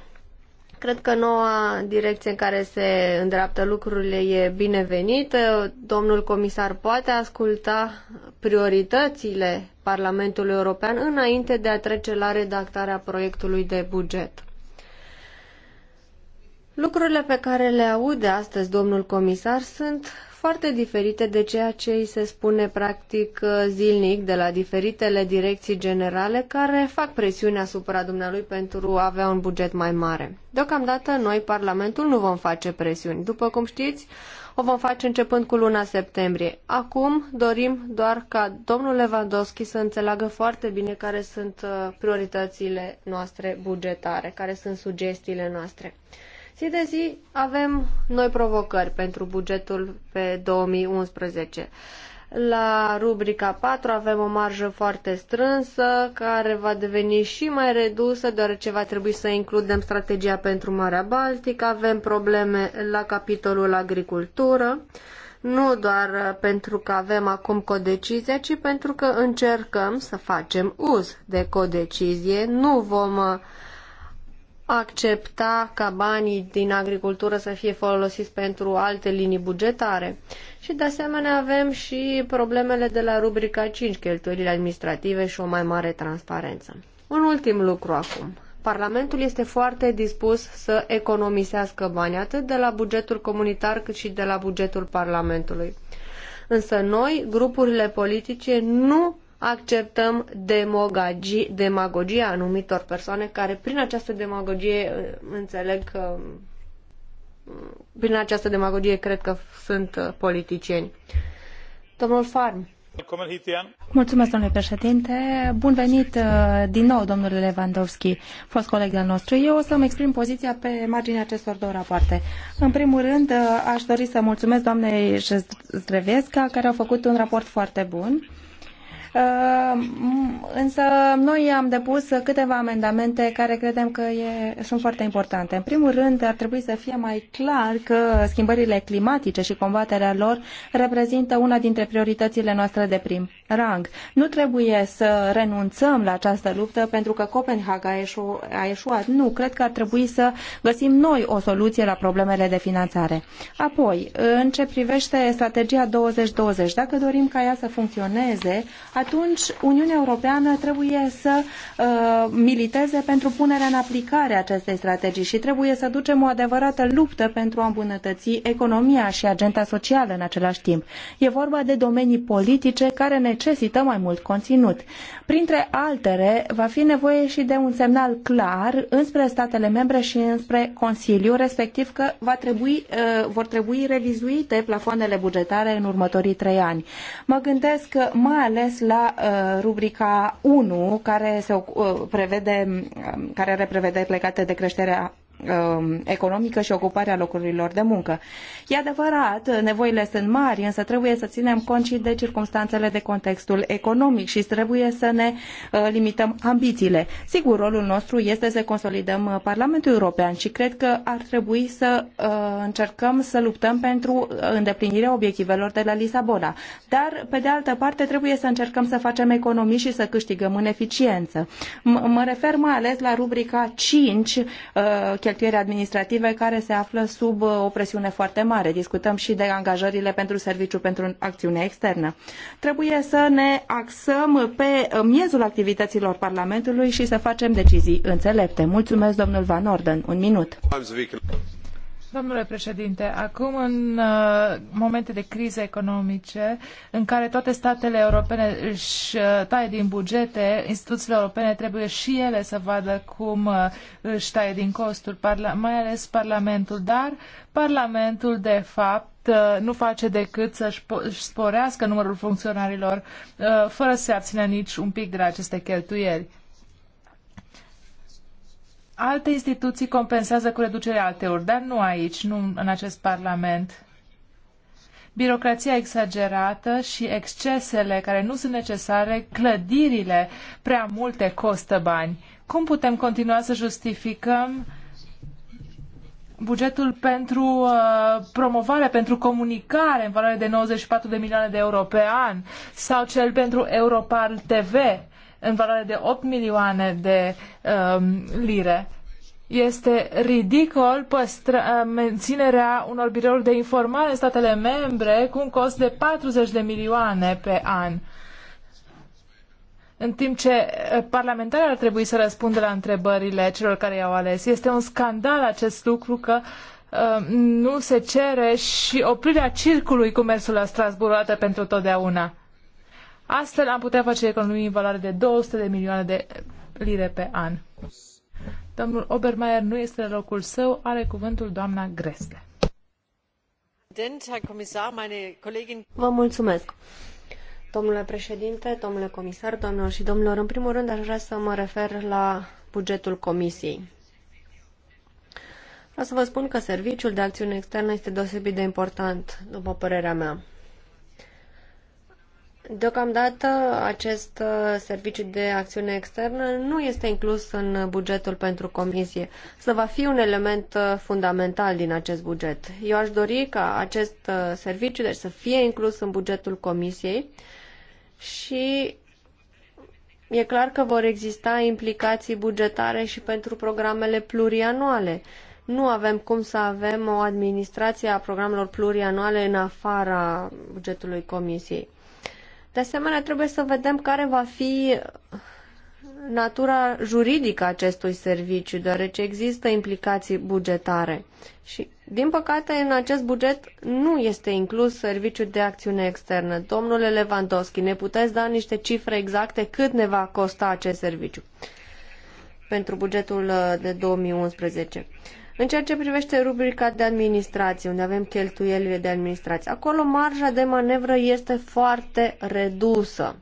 [SPEAKER 3] cred că noua direcție în care se îndreaptă lucrurile e binevenită. Domnul comisar poate asculta prioritățile Parlamentului European înainte de a trece la redactarea proiectului de buget. Lucrurile pe care le aude astăzi domnul comisar sunt foarte diferite de ceea ce îi se spune practic zilnic de la diferitele direcții generale care fac presiune asupra dumnealui pentru a avea un buget mai mare. Deocamdată noi, Parlamentul, nu vom face presiuni. După cum știți, o vom face începând cu luna septembrie. Acum dorim doar ca domnul Lewandowski să înțeleagă foarte bine care sunt uh, prioritățile noastre bugetare, care sunt sugestiile noastre. Zi de zi avem noi provocări pentru bugetul pe 2011. La rubrica 4 avem o marjă foarte strânsă, care va deveni și mai redusă, deoarece va trebui să includem strategia pentru Marea Baltică, avem probleme la capitolul agricultură, nu doar pentru că avem acum codecizie, ci pentru că încercăm să facem uz de codecizie, nu vom accepta ca banii din agricultură să fie folosiți pentru alte linii bugetare. Și de asemenea avem și problemele de la rubrica 5, cheltuielile administrative și o mai mare transparență. Un ultim lucru acum. Parlamentul este foarte dispus să economisească bani atât de la bugetul comunitar cât și de la bugetul Parlamentului. Însă noi, grupurile politice, nu acceptăm demagogia, demagogia anumitor persoane care prin această demagogie uh, înțeleg că uh, prin această demagogie cred că sunt uh, politicieni. Domnul Farm.
[SPEAKER 1] Mulțumesc, domnule președinte. Bun venit din nou, domnule Lewandowski, fost coleg al nostru. Eu o să-mi exprim poziția pe marginea acestor două rapoarte. În primul rând, aș dori să mulțumesc doamnei Zdrevesca care a făcut un raport foarte bun Uh, însă noi am depus câteva amendamente care credem că e, sunt foarte importante. În primul rând, ar trebui să fie mai clar că schimbările climatice și combaterea lor reprezintă una dintre prioritățile noastre de prim rang. Nu trebuie să renunțăm la această luptă pentru că Copenhaga a eșuat. Nu, cred că ar trebui să găsim noi o soluție la problemele de finanțare. Apoi, în ce privește strategia 2020, dacă dorim ca ea să funcționeze, atunci Uniunea Europeană trebuie să uh, militeze pentru punerea în aplicare a acestei strategii și trebuie să ducem o adevărată luptă pentru a îmbunătăți economia și agenda socială în același timp. E vorba de domenii politice care necesită mai mult conținut. Printre altele, va fi nevoie și de un semnal clar înspre statele membre și înspre Consiliu, respectiv că va trebui, uh, vor trebui revizuite plafoanele bugetare în următorii trei ani. Mă gândesc mai ales la la uh, rubrica 1 care se uh, prevede um, care are prevederi legate de creșterea Um, economică și ocuparea locurilor de muncă. E adevărat, nevoile sunt mari, însă trebuie să ținem cont și de circumstanțele de contextul economic și trebuie să ne uh, limităm ambițiile. Sigur, rolul nostru este să consolidăm uh, Parlamentul European și cred că ar trebui să uh, încercăm să luptăm pentru îndeplinirea obiectivelor de la Lisabona. Dar, pe de altă parte, trebuie să încercăm să facem economii și să câștigăm în eficiență. M mă refer mai ales la rubrica 5, uh, cheltuieli administrative care se află sub uh, o presiune foarte mare. Discutăm și de angajările pentru serviciu pentru acțiune externă. Trebuie să ne axăm pe uh, miezul activităților Parlamentului și să facem decizii înțelepte. Mulțumesc, domnul Van Orden. Un minut.
[SPEAKER 2] Domnule președinte, acum în uh, momente de crize economice în care toate statele europene își uh, taie din bugete, instituțiile europene trebuie și ele să vadă cum uh, își taie din costuri, mai ales Parlamentul, dar Parlamentul de fapt uh, nu face decât să-și sporească numărul funcționarilor uh, fără să se abțină nici un pic de la aceste cheltuieli. Alte instituții compensează cu reducerea alteori, dar nu aici, nu în acest Parlament. Birocrația exagerată și excesele care nu sunt necesare, clădirile prea multe costă bani. Cum putem continua să justificăm bugetul pentru uh, promovare, pentru comunicare în valoare de 94 de milioane de euro pe an sau cel pentru Europarl TV? în valoare de 8 milioane de um, lire. Este ridicol păstră, menținerea unor birouri de informare în statele membre cu un cost de 40 de milioane pe an în timp ce parlamentarii ar trebui să răspundă la întrebările celor care i-au ales. Este un scandal acest lucru că uh, nu se cere și oprirea circului cu mersul la Strasbourg o dată pentru totdeauna. Astfel am putea face economii în valoare de 200 de milioane de lire pe an. Domnul Obermeier nu este la locul său, are cuvântul doamna Gresle. Vă mulțumesc.
[SPEAKER 3] Domnule președinte, domnule comisar, domnilor și domnilor, în primul rând aș vrea să mă refer la bugetul comisiei. Vreau să vă spun că serviciul de acțiune externă este deosebit de important, după părerea mea. Deocamdată acest uh, serviciu de acțiune externă nu este inclus în bugetul pentru comisie, să va fi un element uh, fundamental din acest buget. Eu aș dori ca acest uh, serviciu deci, să fie inclus în bugetul comisiei și e clar că vor exista implicații bugetare și pentru programele plurianuale. Nu avem cum să avem o administrație a programelor plurianuale în afara bugetului comisiei. De asemenea, trebuie să vedem care va fi natura juridică acestui serviciu, deoarece există implicații bugetare. Și, din păcate, în acest buget nu este inclus serviciul de acțiune externă. Domnule Lewandowski, ne puteți da niște cifre exacte cât ne va costa acest serviciu pentru bugetul uh, de 2011? În ceea ce privește rubrica de administrație, unde avem cheltuielile de administrație, acolo marja de manevră este foarte redusă.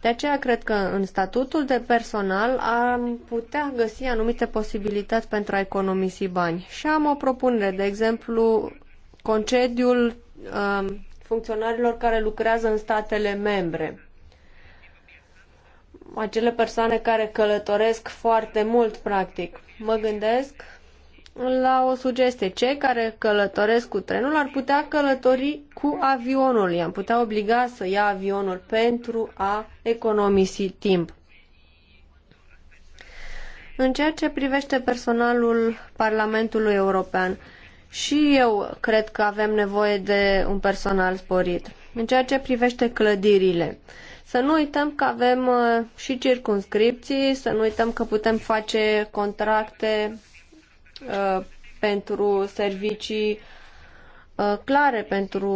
[SPEAKER 3] De aceea cred că în statutul de personal am putea găsi anumite posibilități pentru a economisi bani. Și am o propunere, de exemplu, concediul uh, funcționarilor care lucrează în statele membre. Acele persoane care călătoresc foarte mult, practic. Mă gândesc la o sugestie. Cei care călătoresc cu trenul ar putea călători cu avionul. I-am putea obliga să ia avionul pentru a economisi timp. În ceea ce privește personalul Parlamentului European, și eu cred că avem nevoie de un personal sporit. În ceea ce privește clădirile, să nu uităm că avem uh, și circunscripții, să nu uităm că putem face contracte Uh, pentru servicii uh, clare, pentru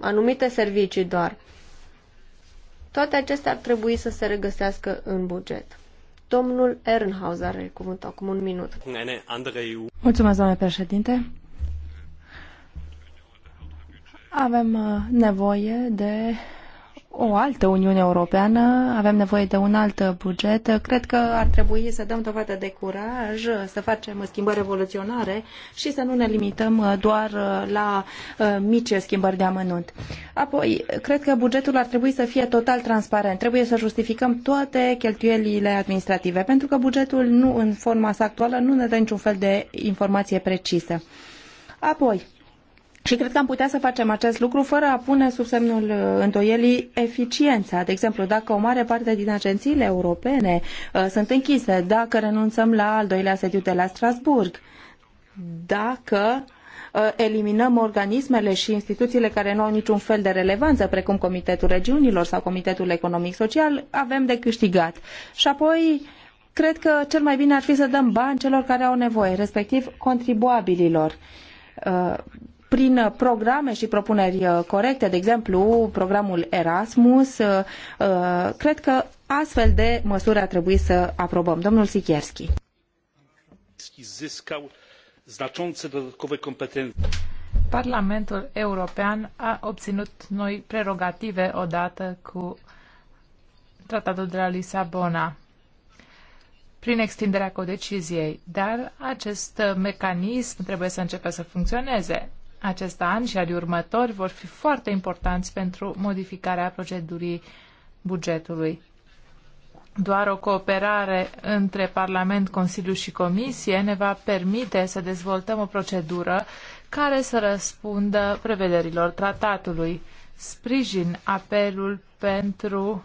[SPEAKER 3] anumite servicii doar. Toate acestea ar trebui să se regăsească în buget. Domnul Ernhaus are cuvântul acum un minut.
[SPEAKER 1] Mulțumesc, doamne președinte. Avem uh, nevoie de o altă Uniune Europeană, avem nevoie de un alt buget. Cred că ar trebui să dăm dovadă de curaj, să facem schimbări revoluționare și să nu ne limităm uh, doar uh, la uh, mici schimbări de amănunt. Apoi, cred că bugetul ar trebui să fie total transparent. Trebuie să justificăm toate cheltuielile administrative, pentru că bugetul nu, în forma sa actuală nu ne dă niciun fel de informație precisă. Apoi, și cred că am putea să facem acest lucru fără a pune sub semnul uh, îndoielii eficiența. De exemplu, dacă o mare parte din agențiile europene uh, sunt închise, dacă renunțăm la al doilea sediu de la Strasburg, dacă uh, eliminăm organismele și instituțiile care nu au niciun fel de relevanță, precum Comitetul Regiunilor sau Comitetul Economic Social, avem de câștigat. Și apoi, cred că cel mai bine ar fi să dăm bani celor care au nevoie, respectiv contribuabililor uh, prin programe și propuneri uh, corecte, de exemplu programul Erasmus, uh, uh, cred că astfel de măsuri ar trebui să aprobăm. Domnul Sikierski.
[SPEAKER 2] Parlamentul European a obținut noi prerogative odată cu Tratatul de la Lisabona prin extinderea codeciziei, dar acest mecanism trebuie să începe să funcționeze acest an și anii următori vor fi foarte importanți pentru modificarea procedurii bugetului. Doar o cooperare între Parlament, Consiliu și Comisie ne va permite să dezvoltăm o procedură care să răspundă prevederilor tratatului. Sprijin apelul pentru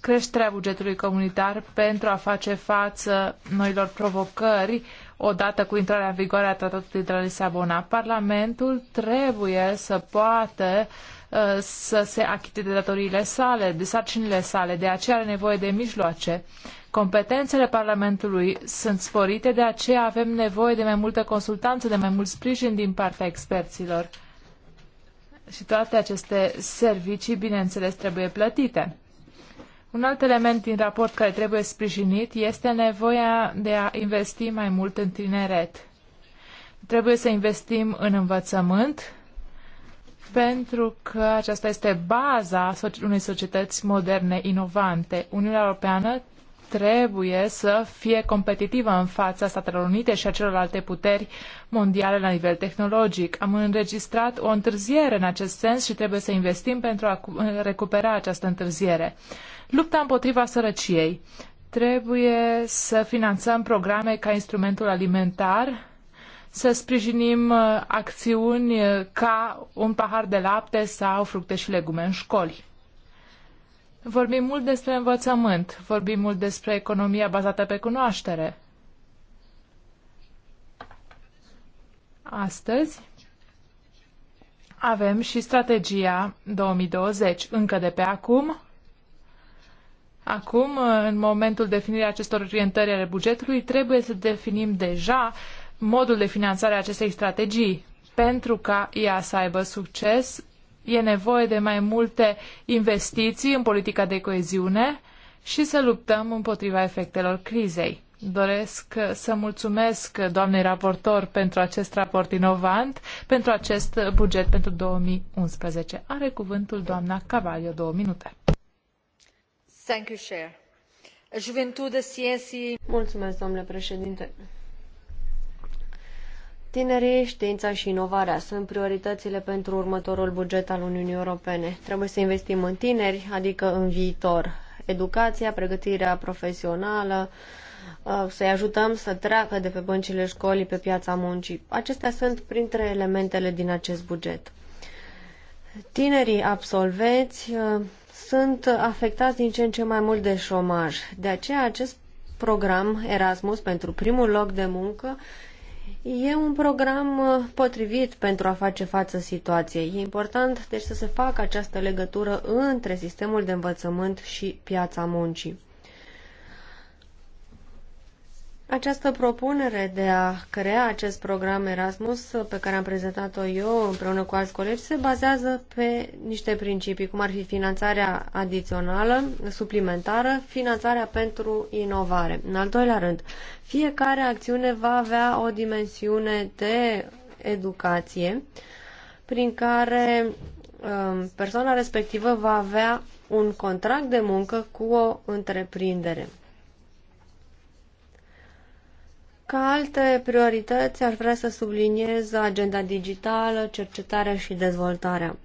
[SPEAKER 2] creșterea bugetului comunitar pentru a face față noilor provocări odată cu intrarea în vigoare a tratatului de la Lisabona. Parlamentul trebuie să poată uh, să se achite de datoriile sale, de sarcinile sale, de aceea are nevoie de mijloace. Competențele Parlamentului sunt sporite, de aceea avem nevoie de mai multă consultanță, de mai mult sprijin din partea experților. Și toate aceste servicii, bineînțeles, trebuie plătite. Un alt element din raport care trebuie sprijinit este nevoia de a investi mai mult în tineret. Trebuie să investim în învățământ, pentru că aceasta este baza unei societăți moderne, inovante. Uniunea Europeană trebuie să fie competitivă în fața Statelor Unite și a celorlalte puteri mondiale la nivel tehnologic. Am înregistrat o întârziere în acest sens și trebuie să investim pentru a recupera această întârziere. Lupta împotriva sărăciei. Trebuie să finanțăm programe ca instrumentul alimentar, să sprijinim uh, acțiuni uh, ca un pahar de lapte sau fructe și legume în școli. Vorbim mult despre învățământ, vorbim mult despre economia bazată pe cunoaștere. Astăzi avem și strategia 2020, încă de pe acum. Acum, în momentul definirii acestor orientări ale bugetului, trebuie să definim deja modul de finanțare a acestei strategii pentru ca ea să aibă succes e nevoie de mai multe investiții în politica de coeziune și să luptăm împotriva efectelor crizei. Doresc să mulțumesc doamnei raportor pentru acest raport inovant, pentru acest buget pentru 2011. Are cuvântul doamna Cavalio, două minute.
[SPEAKER 3] Thank you, Chair. Juventude, CSI... Mulțumesc, domnule președinte. Tinerii, știința și inovarea sunt prioritățile pentru următorul buget al Uniunii Europene. Trebuie să investim în tineri, adică în viitor. Educația, pregătirea profesională, uh, să-i ajutăm să treacă de pe băncile școlii pe piața muncii. Acestea sunt printre elementele din acest buget. Tinerii absolveți uh, sunt afectați din ce în ce mai mult de șomaj. De aceea acest program Erasmus pentru primul loc de muncă E un program uh, potrivit pentru a face față situației. E important deci să se facă această legătură între sistemul de învățământ și piața muncii. Această propunere de a crea acest program Erasmus pe care am prezentat-o eu împreună cu alți colegi se bazează pe niște principii, cum ar fi finanțarea adițională, suplimentară, finanțarea pentru inovare. În al doilea rând, fiecare acțiune va avea o dimensiune de educație prin care um, persoana respectivă va avea un contract de muncă cu o întreprindere. Ca alte priorități, aș vrea să subliniez agenda digitală, cercetarea și dezvoltarea.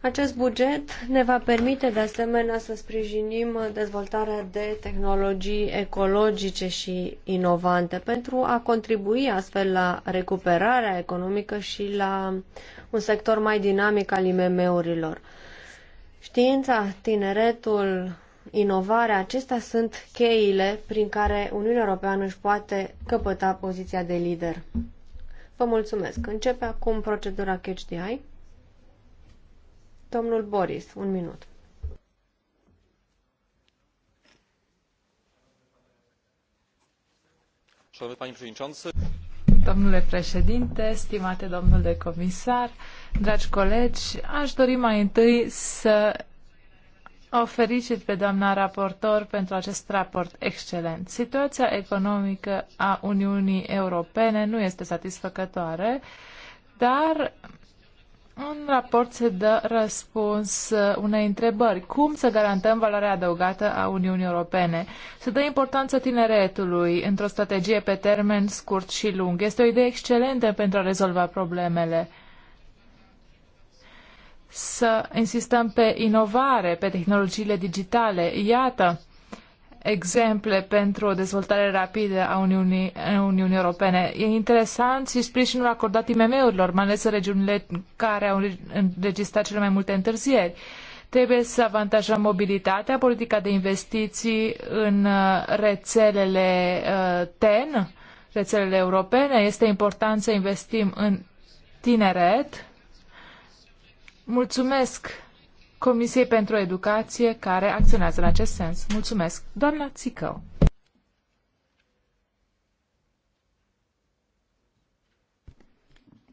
[SPEAKER 3] Acest buget ne va permite de asemenea să sprijinim dezvoltarea de tehnologii ecologice și inovante pentru a contribui astfel la recuperarea economică și la un sector mai dinamic al IMM-urilor. Știința, tineretul, inovarea, acestea sunt cheile prin care Uniunea Europeană își poate căpăta poziția de lider. Vă mulțumesc. Începe acum procedura Catch the Eye. Domnul Boris, un minut.
[SPEAKER 2] Domnule președinte, stimate domnule comisar, dragi colegi, aș dori mai întâi să o felicit pe doamna raportor pentru acest raport excelent. Situația economică a Uniunii Europene nu este satisfăcătoare, dar în raport se dă răspuns uh, unei întrebări. Cum să garantăm valoarea adăugată a Uniunii Europene? Se dă importanță tineretului într-o strategie pe termen scurt și lung. Este o idee excelentă pentru a rezolva problemele să insistăm pe inovare, pe tehnologiile digitale. Iată exemple pentru o dezvoltare rapidă a Uniunii, a Uniunii Europene. E interesant și sprijinul acordat IMM-urilor, mai ales în regiunile care au înregistrat cele mai multe întârzieri. Trebuie să avantajăm mobilitatea, politica de investiții în uh, rețelele uh, TEN, rețelele europene. Este important să investim în tineret, Mulțumesc Comisiei pentru Educație care acționează în acest sens. Mulțumesc. Doamna Țicău.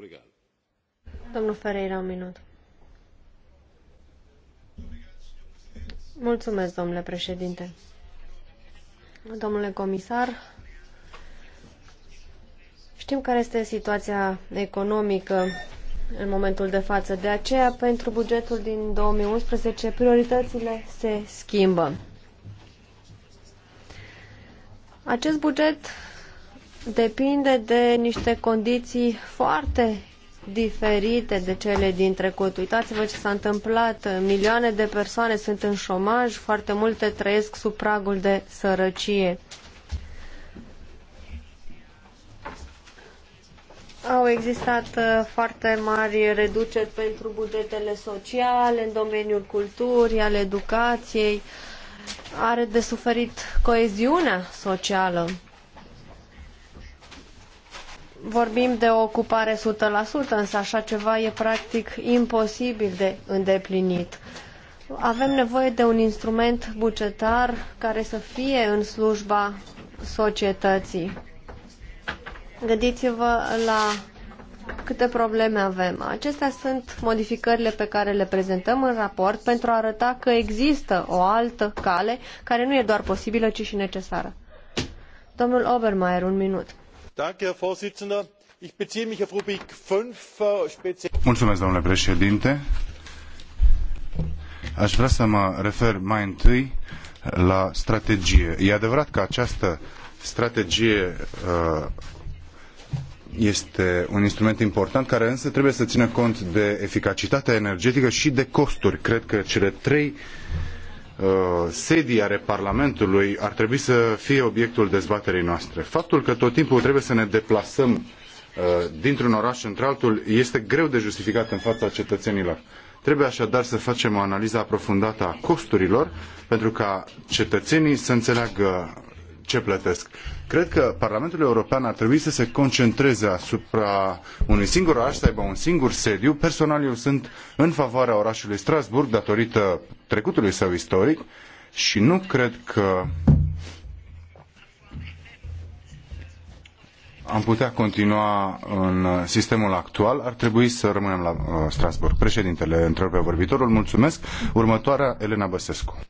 [SPEAKER 5] legal.
[SPEAKER 3] Domnul Ferreira, un minut. Mulțumesc, domnule președinte. Domnule comisar, știm care este situația economică în momentul de față. De aceea, pentru bugetul din 2011, prioritățile se schimbă. Acest buget depinde de niște condiții foarte diferite de cele din trecut. Uitați-vă ce s-a întâmplat. Milioane de persoane sunt în șomaj, foarte multe trăiesc sub pragul de sărăcie. Au existat uh, foarte mari reduceri pentru bugetele sociale, în domeniul culturii, al educației. Are de suferit coeziunea socială vorbim de o ocupare 100%, însă așa ceva e practic imposibil de îndeplinit. Avem nevoie de un instrument bugetar care să fie în slujba societății. Gândiți-vă la câte probleme avem. Acestea sunt modificările pe care le prezentăm în raport pentru a arăta că există o altă cale care nu e doar posibilă, ci și necesară. Domnul Obermeier, un minut
[SPEAKER 5] herr präsident! ich beziehe mich auf rubrik fünf äh, speziell. aș vrea să mă refer mai întâi la strategie. e adevărat că această strategie uh, este un instrument important care însă trebuie să țină cont de eficacitatea energetică și de costuri. Cred că cele trei Uh, sedii ale Parlamentului ar trebui să fie obiectul dezbaterii noastre. Faptul că tot timpul trebuie să ne deplasăm uh, dintr-un oraș într-altul este greu de justificat în fața cetățenilor. Trebuie așadar să facem o analiză aprofundată a costurilor pentru ca cetățenii să înțeleagă ce plătesc. Cred că Parlamentul European ar trebui să se concentreze asupra unui singur oraș, să aibă un singur sediu. Personal eu sunt în favoarea orașului Strasbourg datorită trecutului său istoric și nu cred că am putea continua în sistemul actual, ar trebui să rămânem la uh, Strasbourg. Președintele, întrerupe vorbitorul, mulțumesc. Următoarea, Elena Băsescu.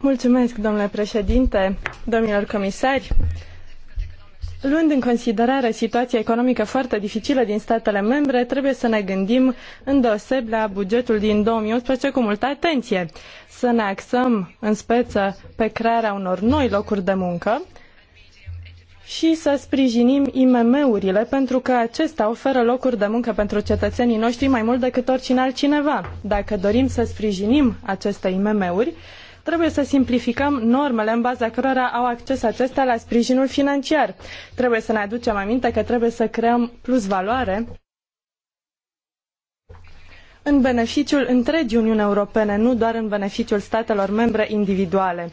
[SPEAKER 6] Mulțumesc, domnule președinte, domnilor comisari. Luând în considerare situația economică foarte dificilă din statele membre, trebuie să ne gândim îndeosebi la bugetul din 2011 cu multă atenție, să ne axăm în speță pe crearea unor noi locuri de muncă și să sprijinim IMM-urile pentru că acestea oferă locuri de muncă pentru cetățenii noștri mai mult decât oricine altcineva. Dacă dorim să sprijinim aceste IMM-uri, Trebuie să simplificăm normele în baza cărora au acces acestea la sprijinul financiar. Trebuie să ne aducem aminte că trebuie să creăm plus valoare în beneficiul întregii Uniuni Europene, nu doar în beneficiul statelor membre individuale.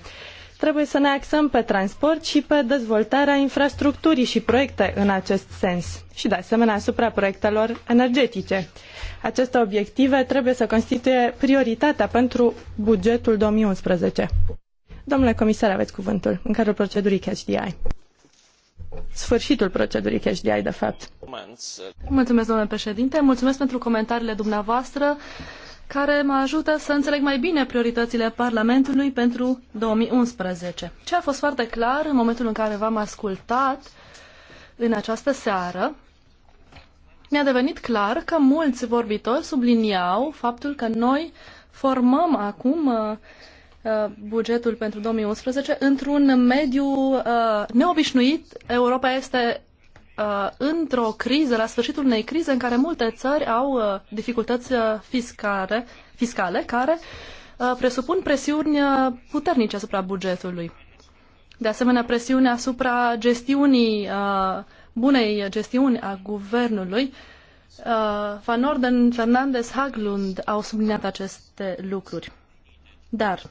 [SPEAKER 6] Trebuie să ne axăm pe transport și pe dezvoltarea infrastructurii și proiecte în acest sens și de asemenea asupra proiectelor energetice. Aceste obiective trebuie să constituie prioritatea pentru bugetul 2011. Domnule comisar, aveți cuvântul în cadrul procedurii CashDI. Sfârșitul procedurii CashDI, de fapt. Mulțumesc, domnule președinte. Mulțumesc pentru
[SPEAKER 7] comentariile dumneavoastră care mă ajută să înțeleg mai bine prioritățile Parlamentului pentru 2011. Ce a fost foarte clar în momentul în care v-am ascultat în această seară, mi-a devenit clar că mulți vorbitori subliniau faptul că noi formăm acum uh, uh, bugetul pentru 2011 într-un mediu uh, neobișnuit. Europa este Uh, într-o criză, la sfârșitul unei crize în care multe țări au uh, dificultăți uh, fiscale, fiscale care presupun presiuni puternice asupra bugetului. De asemenea, presiunea asupra gestiunii, bunei gestiuni a guvernului. Van Orden, Fernandez, Haglund au subliniat aceste lucruri. Dar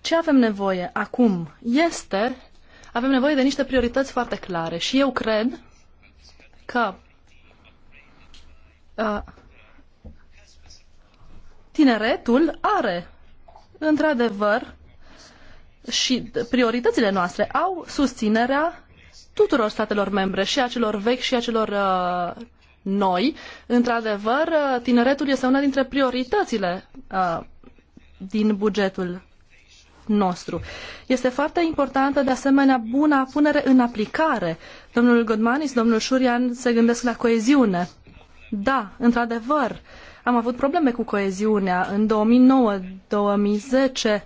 [SPEAKER 7] ce avem nevoie acum este avem nevoie de niște priorități foarte clare și eu cred că uh, tineretul are într-adevăr și prioritățile noastre au susținerea tuturor statelor membre, și a celor vechi și a celor uh, noi. Într-adevăr, uh, tineretul este una dintre prioritățile uh, din bugetul nostru. Este foarte importantă, de asemenea, buna punere în aplicare. Domnul Godmanis, domnul Șurian se gândesc la coeziune. Da, într-adevăr, am avut probleme cu coeziunea. În 2009-2010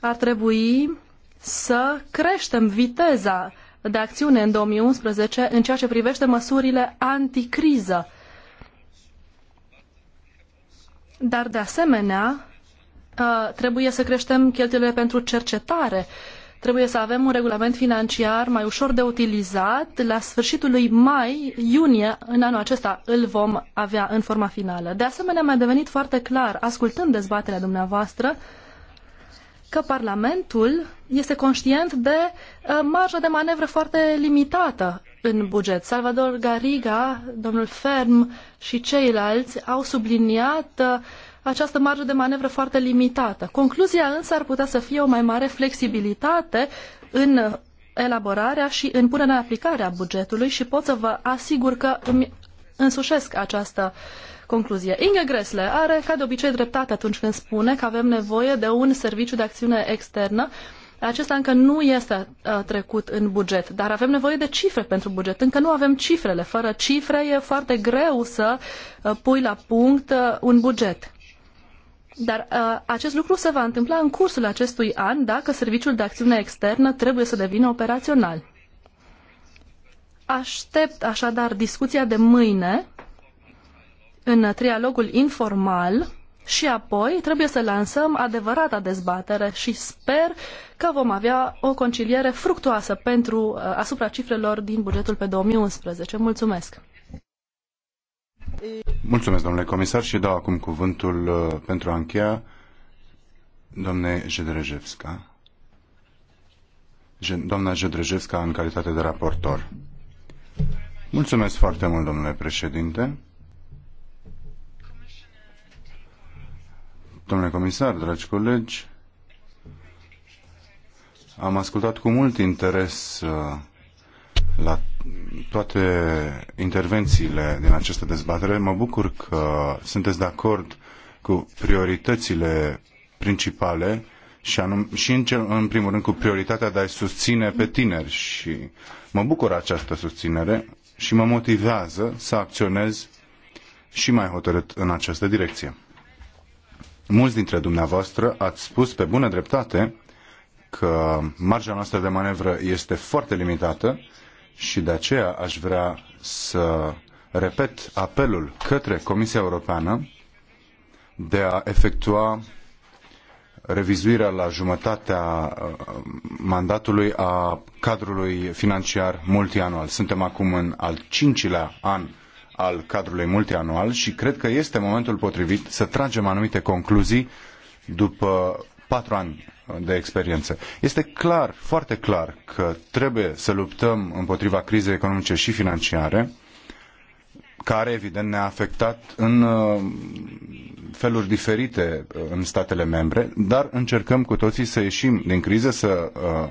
[SPEAKER 7] ar trebui să creștem viteza de acțiune în 2011 în ceea ce privește măsurile anticriză. Dar, de asemenea, trebuie să creștem cheltuielile pentru cercetare. Trebuie să avem un regulament financiar mai ușor de utilizat. La sfârșitul lui mai, iunie, în anul acesta, îl vom avea în forma finală. De asemenea, mi-a devenit foarte clar, ascultând dezbaterea dumneavoastră, că Parlamentul este conștient de uh, marja de manevră foarte limitată în buget. Salvador Gariga, domnul Ferm și ceilalți au subliniat uh, această marjă de manevră foarte limitată. Concluzia însă ar putea să fie o mai mare flexibilitate în elaborarea și în punerea în aplicare a bugetului și pot să vă asigur că îmi însușesc această concluzie. Inge Gresle are, ca de obicei, dreptate atunci când spune că avem nevoie de un serviciu de acțiune externă. Acesta încă nu este uh, trecut în buget, dar avem nevoie de cifre pentru buget. Încă nu avem cifrele. Fără cifre e foarte greu să uh, pui la punct uh, un buget. Dar uh, acest lucru se va întâmpla în cursul acestui an dacă Serviciul de Acțiune Externă trebuie să devină operațional. Aștept așadar discuția de mâine în trialogul informal și apoi trebuie să lansăm adevărata dezbatere și sper că vom avea o conciliere fructuoasă pentru uh, asupra cifrelor din bugetul pe 2011. Mulțumesc!
[SPEAKER 5] Mulțumesc, domnule comisar, și dau acum cuvântul uh, pentru a încheia domnei Jedrejevska. Doamna Jedrejevska în calitate de raportor. Mulțumesc foarte mult, domnule președinte. Domnule comisar, dragi colegi, am ascultat cu mult interes uh, la toate intervențiile din această dezbatere. Mă bucur că sunteți de acord cu prioritățile principale și, anum, și în, cel, în primul rând cu prioritatea de a-i susține pe tineri și mă bucur această susținere și mă motivează să acționez și mai hotărât în această direcție. Mulți dintre dumneavoastră ați spus pe bună dreptate că marja noastră de manevră este foarte limitată și de aceea aș vrea să repet apelul către Comisia Europeană de a efectua revizuirea la jumătatea uh, mandatului a cadrului financiar multianual. Suntem acum în al cincilea an al cadrului multianual și cred că este momentul potrivit să tragem anumite concluzii după patru ani de experiență. Este clar, foarte clar, că trebuie să luptăm împotriva crizei economice și financiare, care evident ne-a afectat în uh, feluri diferite uh, în statele membre, dar încercăm cu toții să ieșim din criză, să uh,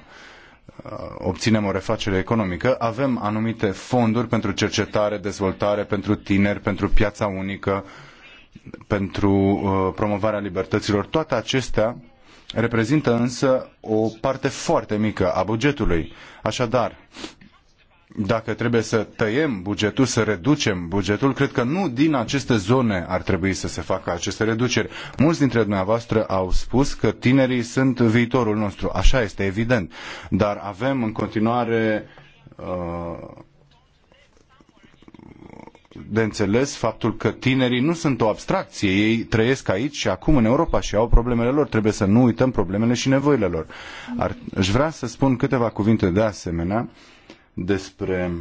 [SPEAKER 5] obținem o refacere economică. Avem anumite fonduri pentru cercetare, dezvoltare, pentru tineri, pentru piața unică, pentru promovarea libertăților. Toate acestea reprezintă însă o parte foarte mică a bugetului. Așadar, dacă trebuie să tăiem bugetul, să reducem bugetul, cred că nu din aceste zone ar trebui să se facă aceste reduceri. Mulți dintre dumneavoastră au spus că tinerii sunt viitorul nostru. Așa este evident. Dar avem în continuare uh, de înțeles faptul că tinerii nu sunt o abstracție. Ei trăiesc aici și acum în Europa și au problemele lor. Trebuie să nu uităm problemele și nevoile lor. Ar, aș vrea să spun câteva cuvinte de asemenea despre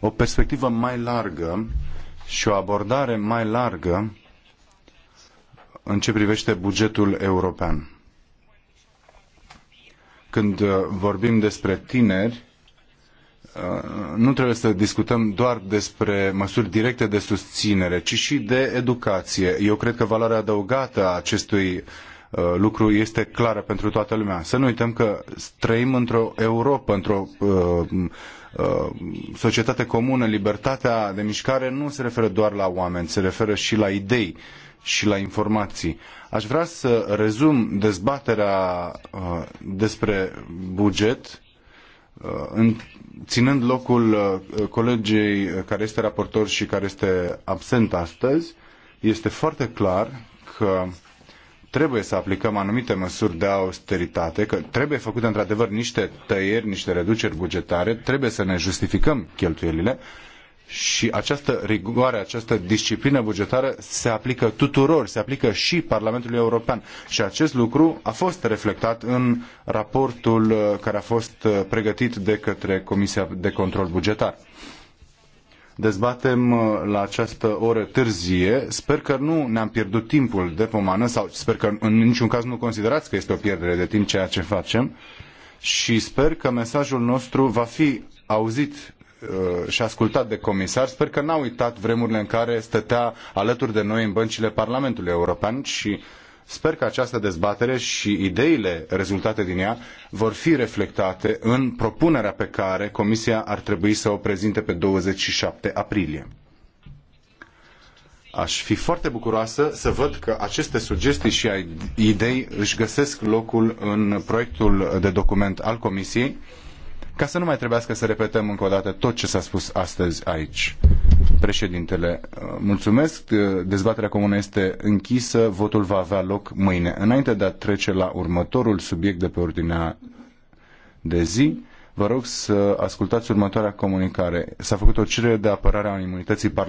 [SPEAKER 5] o perspectivă mai largă și o abordare mai largă în ce privește bugetul european. Când uh, vorbim despre tineri, Uh, nu trebuie să discutăm doar despre măsuri directe de susținere, ci și de educație. Eu cred că valoarea adăugată a acestui uh, lucru este clară pentru toată lumea. Să nu uităm că trăim într-o Europa, într-o uh, uh, societate comună. Libertatea de mișcare nu se referă doar la oameni, se referă și la idei și la informații. Aș vrea să rezum dezbaterea uh, despre buget Uh, în, ținând locul uh, colegei uh, care este raportor și care este absent astăzi, este foarte clar că trebuie să aplicăm anumite măsuri de austeritate, că trebuie făcute într-adevăr niște tăieri, niște reduceri bugetare, trebuie să ne justificăm cheltuielile, și această rigoare, această disciplină bugetară se aplică tuturor, se aplică și Parlamentului European. Și acest lucru a fost reflectat în raportul uh, care a fost uh, pregătit de către Comisia de Control Bugetar. Dezbatem uh, la această oră târzie. Sper că nu ne-am pierdut timpul de pomană sau sper că în niciun caz nu considerați că este o pierdere de timp ceea ce facem și sper că mesajul nostru va fi auzit Uh, și ascultat de comisar, sper că n-a uitat vremurile în care stătea alături de noi în băncile Parlamentului European și Sper că această dezbatere și ideile rezultate din ea vor fi reflectate în propunerea pe care Comisia ar trebui să o prezinte pe 27 aprilie. Aș fi foarte bucuroasă să văd că aceste sugestii și idei își găsesc locul în proiectul de document al Comisiei ca să nu mai trebuiască să repetăm încă o dată tot ce s-a spus astăzi aici. Președintele, uh, mulțumesc. Uh, dezbaterea comună este închisă. Votul va avea loc mâine. Înainte de a trece la următorul subiect de pe ordinea de zi, vă rog să ascultați următoarea comunicare. S-a făcut o cerere de apărare a imunității parlamentare.